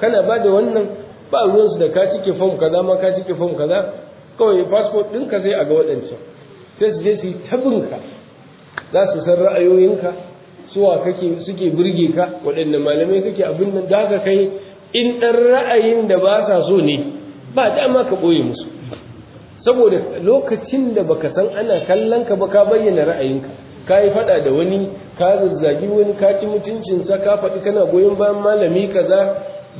kana ba da wannan ba ruwansu da ka cike form kaza ma ka cike form kaza kawai passport ɗinka sai a ga waɗancan sai su je su yi tabinka za su san ra'ayoyinka suwa kake suke birge ka waɗanne malamai kake abin nan da ka kai in ɗan ra'ayin da ba sa so ne ba dama ka ɓoye musu saboda lokacin da baka san ana kallon ka ba ka bayyana ra'ayinka ka yi fada da wani ka zazzagi wani ka ci mutuncinsa ka faɗi kana goyon bayan malami kaza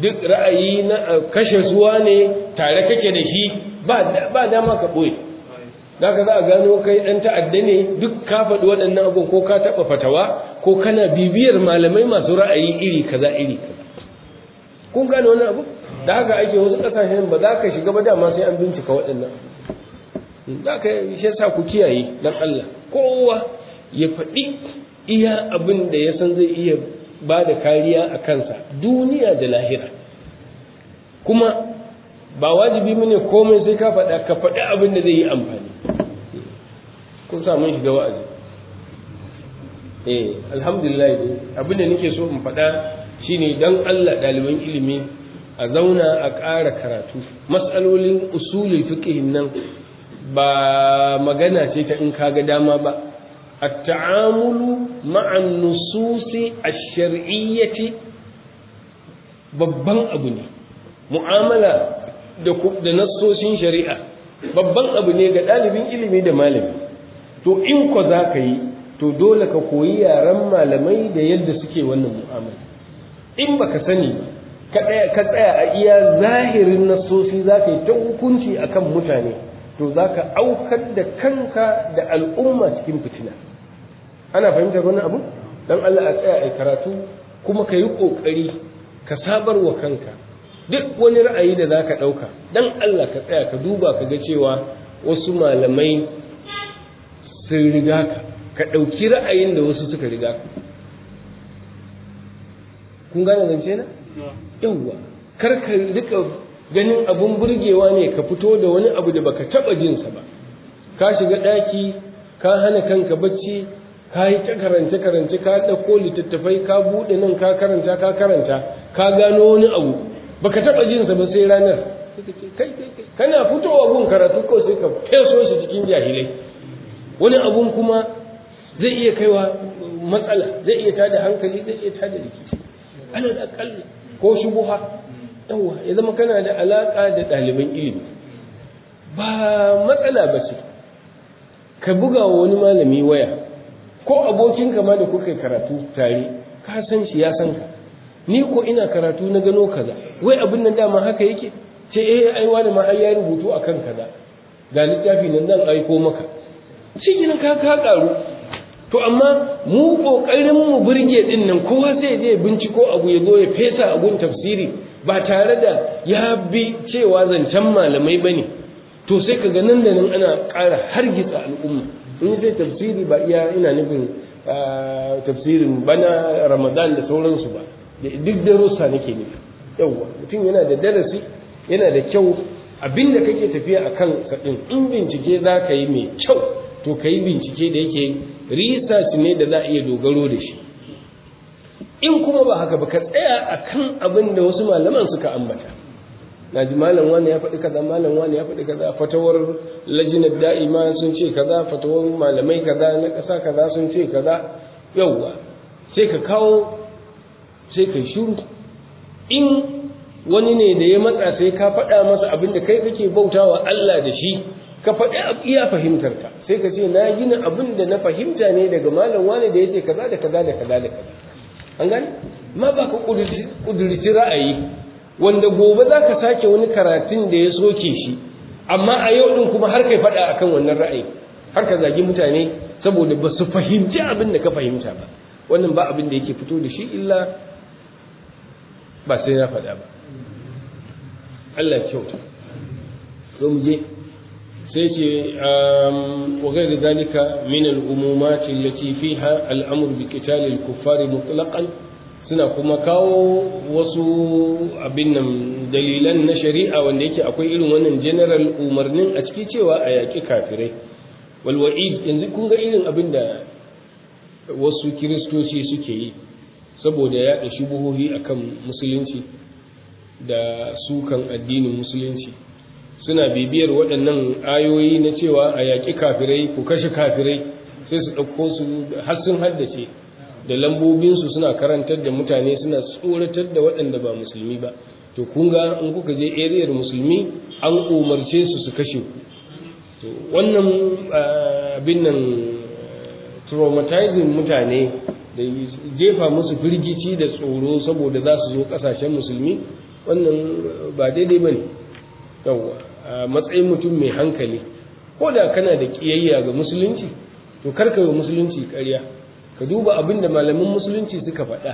duk ra'ayi na kashe zuwa ne tare kake da shi ba dama ka ɓoye za ka za a gano kai ɗan ta'adda ne duk ka faɗi waɗannan abin ko ka taɓa fatawa ko kana bibiyar malamai masu ra'ayi iri kaza iri kun gane wani abu da haka ake wasu ƙasashen ba za ka shiga ba dama sai an bincika waɗannan za ka shi sa ku kiyaye dan Allah kowa ya faɗi iya abin da ya san zai iya ba da kariya a kansa duniya da lahira kuma ba wajibi mune komai sai ka faɗa ka faɗi abin da zai yi amfani kun mun shiga wa'azi eh alhamdulillah abin da nake so in faɗa shine dan Allah ɗaliban ilimi a zauna a ƙara karatu matsalolin usulul fiqh nan ba magana ce ta in ka ga dama ba at-ta'amulu ma'an nususi ash-shar'iyyati babban abu ne mu'amala da da shari'a babban abu ne ga ɗalibin ilimi da malami to in ko za ka yi to dole ka koyi yaren malamai da yadda suke wannan mu'amala in baka sani ka tsaya a iya zahirin nassosi za ka yi ta hukunci akan mutane to za ka aukar da kanka da al'umma cikin fitina ana fahimtar wani abu dan Allah a tsaya a karatu kuma ka yi ƙoƙari ka sabar wa kanka duk wani ra'ayi da za ka ɗauka dan Allah ka tsaya ka duba ka ga cewa wasu malamai sun riga ka ka ɗauki ra'ayin da wasu suka riga ka kun gane zance na yawwa kar ka rika ganin abun burgewa ne ka fito da wani abu da baka taba jinsa ba ka shiga ɗaki ka hana kanka bacci ka yi ta karance karance ka ɗauko littattafai ka buɗe nan ka karanta ka karanta ka gano wani abu baka taba jinsa ba sai ranar kana fitowa gun karatu ko sai ka feso shi cikin jahilai wani abu kuma zai iya kaiwa matsala zai iya tada hankali zai iya tada rikici alal aqall ko shubuha yawa ya zama kana da alaƙa da ɗaliban ilimi ba matsala ba ce ka buga wa wani malami waya ko abokin kama da kuka karatu tare ka san shi ya san ka ni ko ina karatu na gano kaza wai abin nan dama haka yake ce eh ai wani ma ai ya rubutu akan kaza ga littafi nan zan aiko maka shi ginin ka ka karu to amma mu kokarin mu burge din nan kowa sai ya je binciko abu ya zo ya fesa abun tafsiri ba tare da ya bi cewa zancen malamai ba ne to sai ka nan da nan ana ƙara hargitsa al'umma in zai tafsiri ba iya ina nufin tafsirin bana ramadan da sauransu ba da duk darussa nake nufi yauwa mutum yana da darasi yana da kyau abin da kake tafiya a kan kaɗin in bincike za ka yi mai kyau to ka yi bincike da yake research ne da za a iya dogaro da shi in kuma ba haka ba ka tsaya a kan abin da wasu malaman suka ambata na ji malam wani ya faɗi kaza malam wani ya faɗi kaza fatawar lajinar da'ima sun ce kaza fatawar malamai kaza na ƙasa kaza sun ce kaza yauwa sai ka kawo sai ka shiru in wani ne da ya matsa sai ka faɗa masa abin da kai kake bautawa Allah da shi ka faɗi iya fahimtarka sai ka ce na gina abin da na fahimta ne daga malam wani da ya ce kaza da kaza da kaza da kaza an gani ma ba ka ƙudurci ra'ayi wanda gobe za ka sake wani karatun da ya soke shi amma a yau ɗin kuma har kai faɗa akan wannan ra'ayi har ka zagi mutane saboda ba su fahimci abin da ka fahimta ba wannan ba abin da yake fito da shi illa ba sai na faɗa ba Allah kyauta zo mu je sai ce wa gairi zalika min al'umumati allati fiha al'amr bi qital al-kuffar mutlaqan suna kuma kawo wasu abin nan dalilan na shari'a wanda yake akwai irin wannan general umarnin a ciki cewa a yaƙi kafirai walwa'id yanzu kun ga irin abin da wasu kiristoci suke yi saboda ya yaɗa a akan musulunci da sukan addinin musulunci suna bibiyar waɗannan ayoyi na cewa a yaƙi kafirai ku kashe kafirai sai su ɗauko su har sun haddace da lambobinsu suna karantar da mutane suna tsoratar da waɗanda ba musulmi ba to kun ga in kuka je eriyar musulmi an umarce su su kashe ku wannan abin nan traumatizing mutane da jefa musu firgici da tsoro saboda za su zo ƙasashen musulmi wannan ba daidai ba ne matsayin mutum mai hankali ko da kana da kiyayya ga musulunci to karka yi musulunci ƙarya ka duba abin da malamin musulunci suka faɗa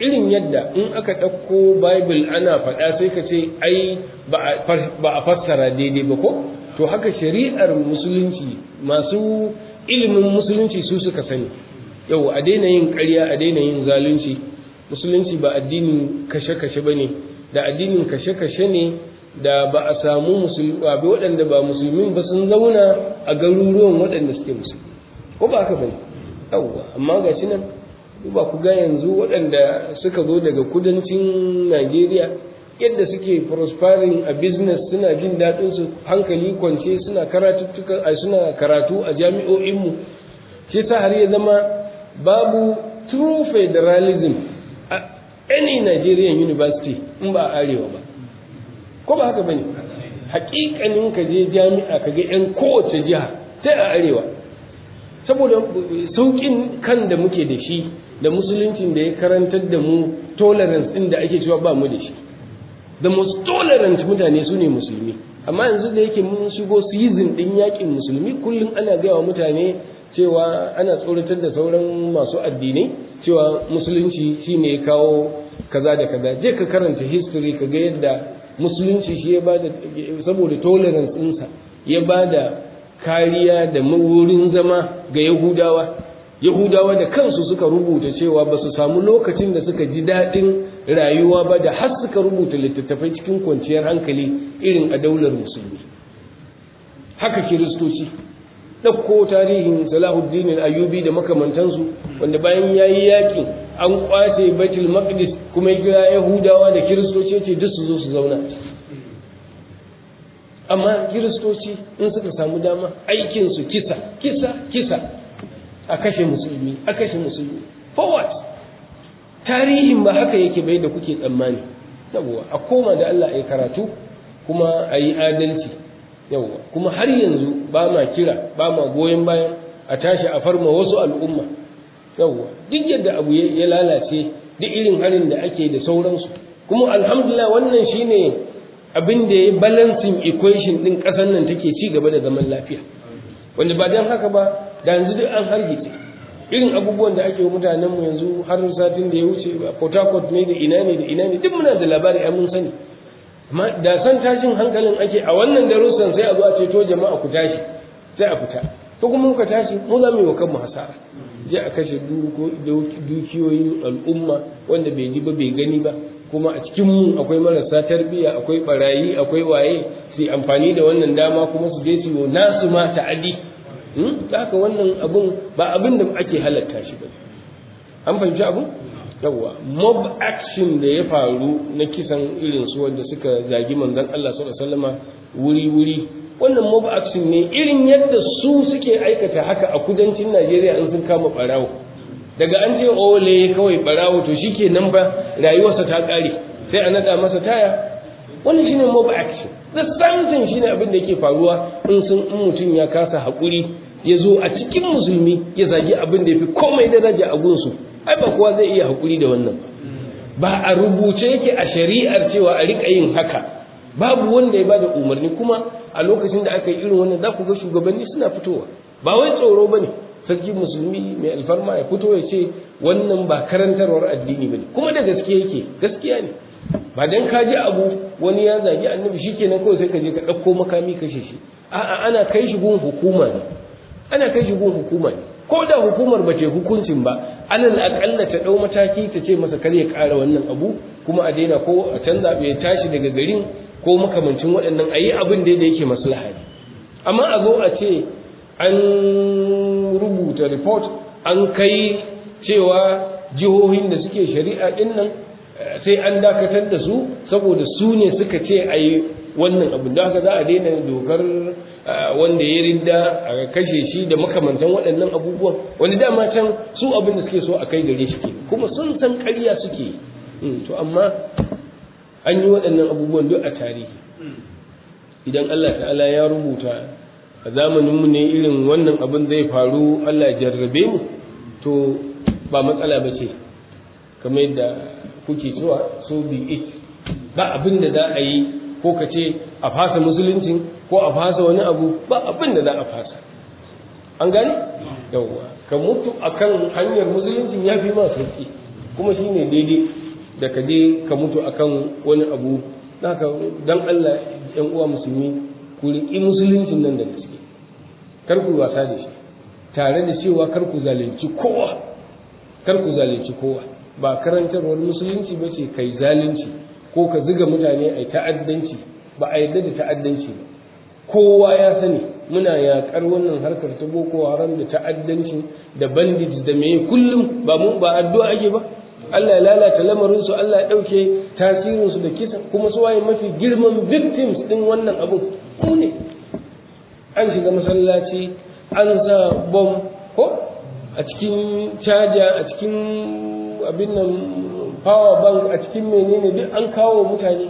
irin yadda in aka ɗauko bible ana faɗa sai ka ce ai ba a fassara daidai ba ko to haka shari'ar musulunci masu ilimin musulunci su suka sani yau a daina yin ƙarya a daina yin zalunci musulunci ba addinin kashe-kashe ba ne da addinin kashe-kashe ne da ba a samu musulmi ba waɗanda ba musulmin ba sun zauna a garuruwan waɗanda suke musulmi ko ba haka bane yawwa amma ga shi nan ba ku ga yanzu waɗanda suka zo daga kudancin Najeriya yadda suke prospering a business suna jin daɗin su hankali kwance suna karatuttuka a suna karatu a jami'o'in mu shi ta har ya zama babu true federalism a any Nigerian university in ba arewa ba ko ba haka bane hakikanin ka je jami'a ka ga yan kowace jiha sai a arewa saboda saukin kan da muke da shi da musuluncin da ya karantar da mu tolerance din da ake cewa ba mu da shi the most tolerant mutane su ne musulmi amma yanzu da yake mun shigo season din yakin musulmi kullum ana gaya wa mutane cewa ana tsoratar da sauran masu addinai cewa musulunci shine ya kawo kaza da kaza je ka karanta history ka ga yadda musulunci shi ya bada saboda tolerance ɗinsa ya bada kariya da wurin zama ga yahudawa yahudawa da kansu suka rubuta cewa ba su samu lokacin da suka ji daɗin rayuwa ba da har suka rubuta littattafai cikin kwanciyar hankali irin a daular musulmi haka kiristoci ɗauko tarihin salahuddin ayubi da makamantansu wanda bayan ya yi yaƙin an kwace baitul maqdis kuma gira yahudawa da kiristoci ce duk su zo su zauna amma kiristoci in suka samu dama aikin su kisa kisa kisa a kashe musulmi a kashe musulmi forward tarihin ba haka yake bai da kuke tsammani yawwa a koma da Allah ya karatu kuma a yi adalci yawwa kuma har yanzu ba ma kira ba ma goyon bayan a tashi a farma wasu al'umma yawwa duk yadda abu ya lalace duk irin harin da ake da sauransu kuma alhamdulillah wannan shine abin da ya balancing equation din kasar nan take ci gaba da zaman lafiya wanda ba dan haka ba da yanzu duk an hargitse irin abubuwan da ake mutanen mu yanzu har satin da ya wuce Port Harcourt ne da ina ne da ina ne duk muna da labari amma mun sani amma da san tashin hankalin ake a wannan darussan sai a zo a ce to jama'a ku tashi sai a fita ko kuma muka tashi mu za mu yi wa kanmu hasara je a kashe dukiyoyin al'umma wanda bai ji ba bai gani ba kuma a cikin mu akwai marasa tarbiyya akwai barayi akwai waye su amfani da wannan dama kuma su je su nasu ma ta'adi hmm? haka wannan abun ba abin da ake halatta shi ba an fahimci abun yawa mob action da ya faru na kisan irin su wanda suka zagi manzon Allah sallallahu alaihi wasallama wuri wuri wannan action ne irin yadda su suke aikata haka a kudancin Najeriya an sun kama barawo daga an je ole kawai barawo to shike nan ba rayuwarsa ta kare sai a nada masa taya wannan shine mob-action the something shine abin da yake faruwa in sun in mutum ya kasa hakuri ya zo a cikin musulmi ya zagi abin da yafi komai da daraja a gunsu ai ba kowa zai iya hakuri da wannan ba a rubuce yake a shari'ar cewa a rika yin haka babu wanda ya ba da umarni kuma a lokacin da aka yi irin wannan za ku ga shugabanni suna fitowa ba wai tsoro ba ne sarki musulmi mai alfarma ya fito ya ce wannan ba karantarwar addini ba ne kuma da gaske yake gaskiya ne ba dan ka ji abu wani ya zagi annabi shi kenan kawai sai ka je ka ɗauko makami kashe shi a'a ana kai shi gun ana kai shi gun hukuma ne ko da hukumar ba ce hukuncin ba alal akalla ta dau mataki ta ce masa kar ya kara wannan abu kuma a daina ko a canza ya tashi daga garin ko makamancin waɗannan ayi yi abin da yake maslaha amma a zo a ce an rubuta report an kai cewa jihohin da suke shari'a din nan sai an dakatar da su saboda su ne suka ce a yi wannan abin da haka za a daina dokar wanda ya ridda a kashe shi da makamantan waɗannan abubuwan wani dama can su abin da suke so a kai gare shi kuma sun san ƙarya suke hmm, to amma an yi waɗannan abubuwan duk a tarihi idan Allah ta'ala ya rubuta a zamaninmu ne irin wannan abin zai faru Allah jarrabe mu to ba matsala ba ce kamar yadda kuke cewa so be it ba abin da za a yi ko ka ce a fasa musuluncin ko a fasa wani abu ba abin da za a fasa an gani yawwa ka mutu akan hanyar musuluncin ya fi ma sauki kuma shi ne daidai da ka je ka mutu akan wani abu haka don Allah yan uwa musulmi ku riƙi musuluncin nan da gaske kar ku wasa da shi tare da cewa kar ku zalunci kowa kar ku zalunci kowa ba karantarwar musulunci ba ce kai zalunci ko ka ziga mutane a ta'addanci ba a yarda da ta'addanci ba kowa ya sani muna yaƙar wannan harkar ta boko haram da ta'addanci da bandit da meye kullum ba mu ba addu'a ake ba Allah ya lalata lamarin su Allah ya ɗauke tasirin su da kisa kuma su waye mafi girman victims din wannan abun ku ne an shiga masallaci an sa bom ko a cikin charger, a cikin abin nan power bank a cikin menene duk an kawo mutane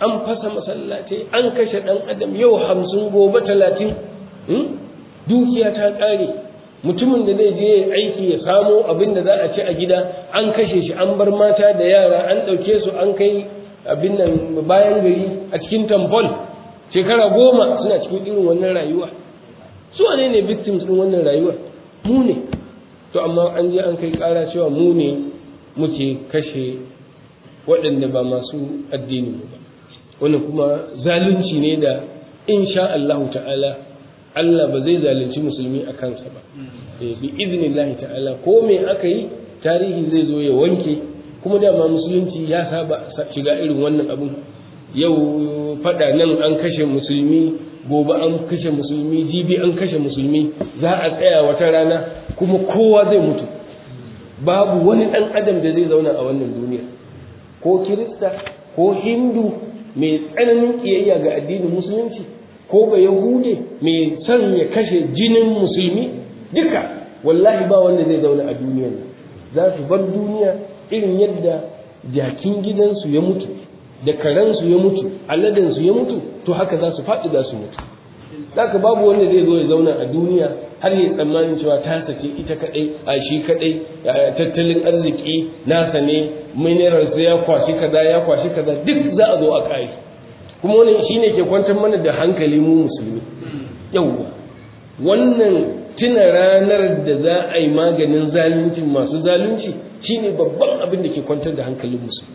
an fasa masallatai an kashe ɗan adam yau hamsin gobe talatin hmm? dukiya ta ƙare mutumin da zai je aiki ya samo abin da za a ci a gida an kashe shi an bar mata da yara an ɗauke su an kai abin nan bayan gari a cikin tamfol shekara goma suna cikin irin wannan rayuwa su ne ne victims ɗin wannan rayuwa mu ne to amma an je an kai ƙara cewa mu ne muke kashe waɗanda ba masu addini ba wannan kuma zalunci ne da insha Allah ta'ala Allah ba zai zalunci musulmi a kansa ba eh, bi lahi ta'ala ko me aka yi tarihi zai zo ya wanke kuma dama musulunci ya saba shiga irin wannan abun yau fada nan an kashe musulmi gobe an kashe musulmi jibi an kashe musulmi za a tsaya wata rana kuma kowa zai mutu babu wani ɗan adam da zai zauna a wannan duniya ko kirista ko hindu mai tsananin kiyayya ga addinin musulunci ko ga yahude mai son ya kashe jinin musulmi duka wallahi ba wanda zai zauna a duniyar za su bar duniya irin yadda jakin gidansu ya mutu da karensu ya mutu aladansu ya mutu to haka za su faɗi za su mutu Daka babu wanda zai zo ya zauna a duniya har yi tsammanin cewa ta sake ita kadai a shi kadai tattalin arziki nasa ne mineral ya kwashi kaza ya kwashi kaza duk za a zo a kai kuma wannan shine ke kwantar mana da hankali mu musulmi Yau, wannan tuna ranar da za a yi maganin zaluncin masu zalunci shine babban abin da ke kwantar da hankalin musulmi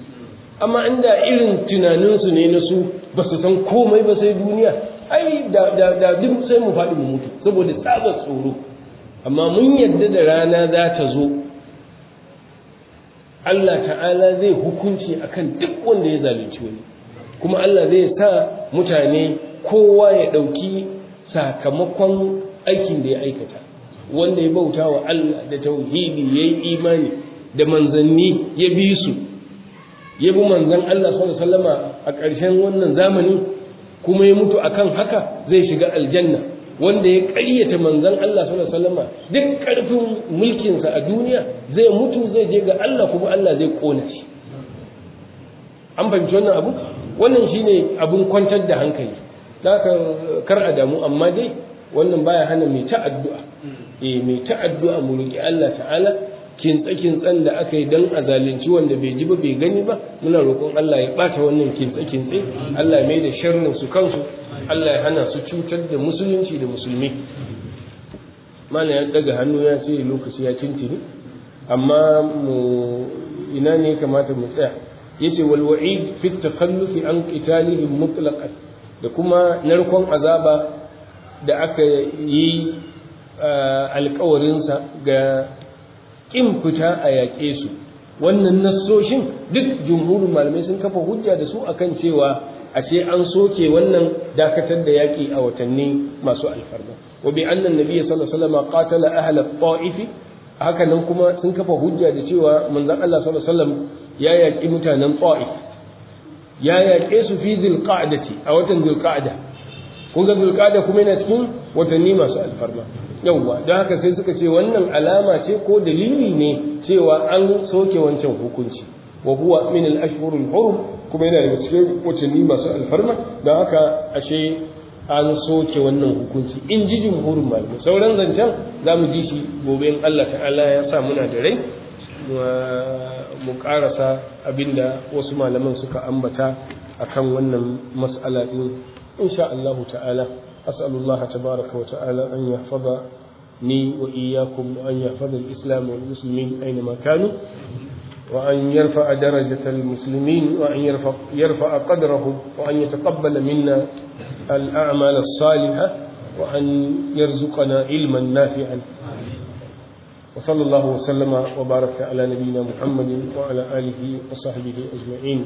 amma inda irin tunaninsu ne na su ba su san komai ba sai duniya ai da duk sai mu faɗi mu mutu saboda tsabar tsoro amma mun yadda da rana za ta zo Allah ta'ala zai hukunci akan duk wanda ya zalunci wani kuma Allah zai sa mutane kowa ya ɗauki sakamakon aikin da ya aikata wanda ya bauta wa Allah da tauhidi ya yi imani da manzanni ya bi su ya bi manzan Allah sallallahu alaihi wasallama a ƙarshen wannan zamani kuma ya mutu akan haka zai shiga aljanna wanda ya ƙaryata manzon Allah sallallahu alaihi wasallam duk ƙarfin mulkinsa a duniya zai mutu zai je ga Allah kuma Allah zai kona shi an fahimci wannan abu wannan shine abun kwantar da hankali haka eh, kar a damu amma dai wannan baya hana mai ta addu'a mm. eh mai ta addu'a mu roki Allah ta'ala Kintsa kintsan da aka yi don a zalunci wanda bai ji ba bai gani ba muna roƙon Allah ya ɓata wannan kintsa kintsa. Allah mai da sharrin su kansu Allah ya hana su cutar da musulunci da musulmi mana ya daga hannu ya sai lokaci ya cintini amma mu ina ne kamata mu tsaya yace wal wa'id fi takhallufi an qitalihi mutlaqan da kuma narkon azaba da aka yi eh, alƙawarinsa ga ƙin fita a yaƙe su wannan nassoshin duk jumhurin malamai sun kafa hujja da su akan cewa a ce an soke wannan dakatar da yaƙi a watanni masu alfarma wa bi annan nabiyyi sallallahu alaihi wasallam qatala ahla ta'if haka nan kuma sun kafa hujja da cewa manzon Allah sallallahu alaihi wasallam ya yaƙi mutanen ta'if ya yaƙe su fi zilqa'dati a watan zilqa'da kun ga zilqa'da kuma yana cikin watanni masu alfarma yauwa don haka sai suka ce wannan alama ce ko dalili ne cewa an soke wancan hukunci wa huwa min al-ashhurul hurum kuma yana da cikin watanni masu alfarma don haka ashe an soke wannan hukunci in ji jumhurin malamai sauran zancen za mu ji shi gobe in Allah ta'ala ya sa muna da rai mu karasa abinda wasu malaman suka ambata akan wannan mas'ala din insha Allah ta'ala أسأل الله تبارك وتعالى أن يحفظني وإياكم وأن يحفظ الإسلام والمسلمين أينما كانوا وأن يرفع درجة المسلمين وأن يرفع, يرفع قدرهم وأن يتقبل منا الأعمال الصالحة وأن يرزقنا علما نافعا وصلى الله وسلم وبارك على نبينا محمد وعلى آله وصحبه أجمعين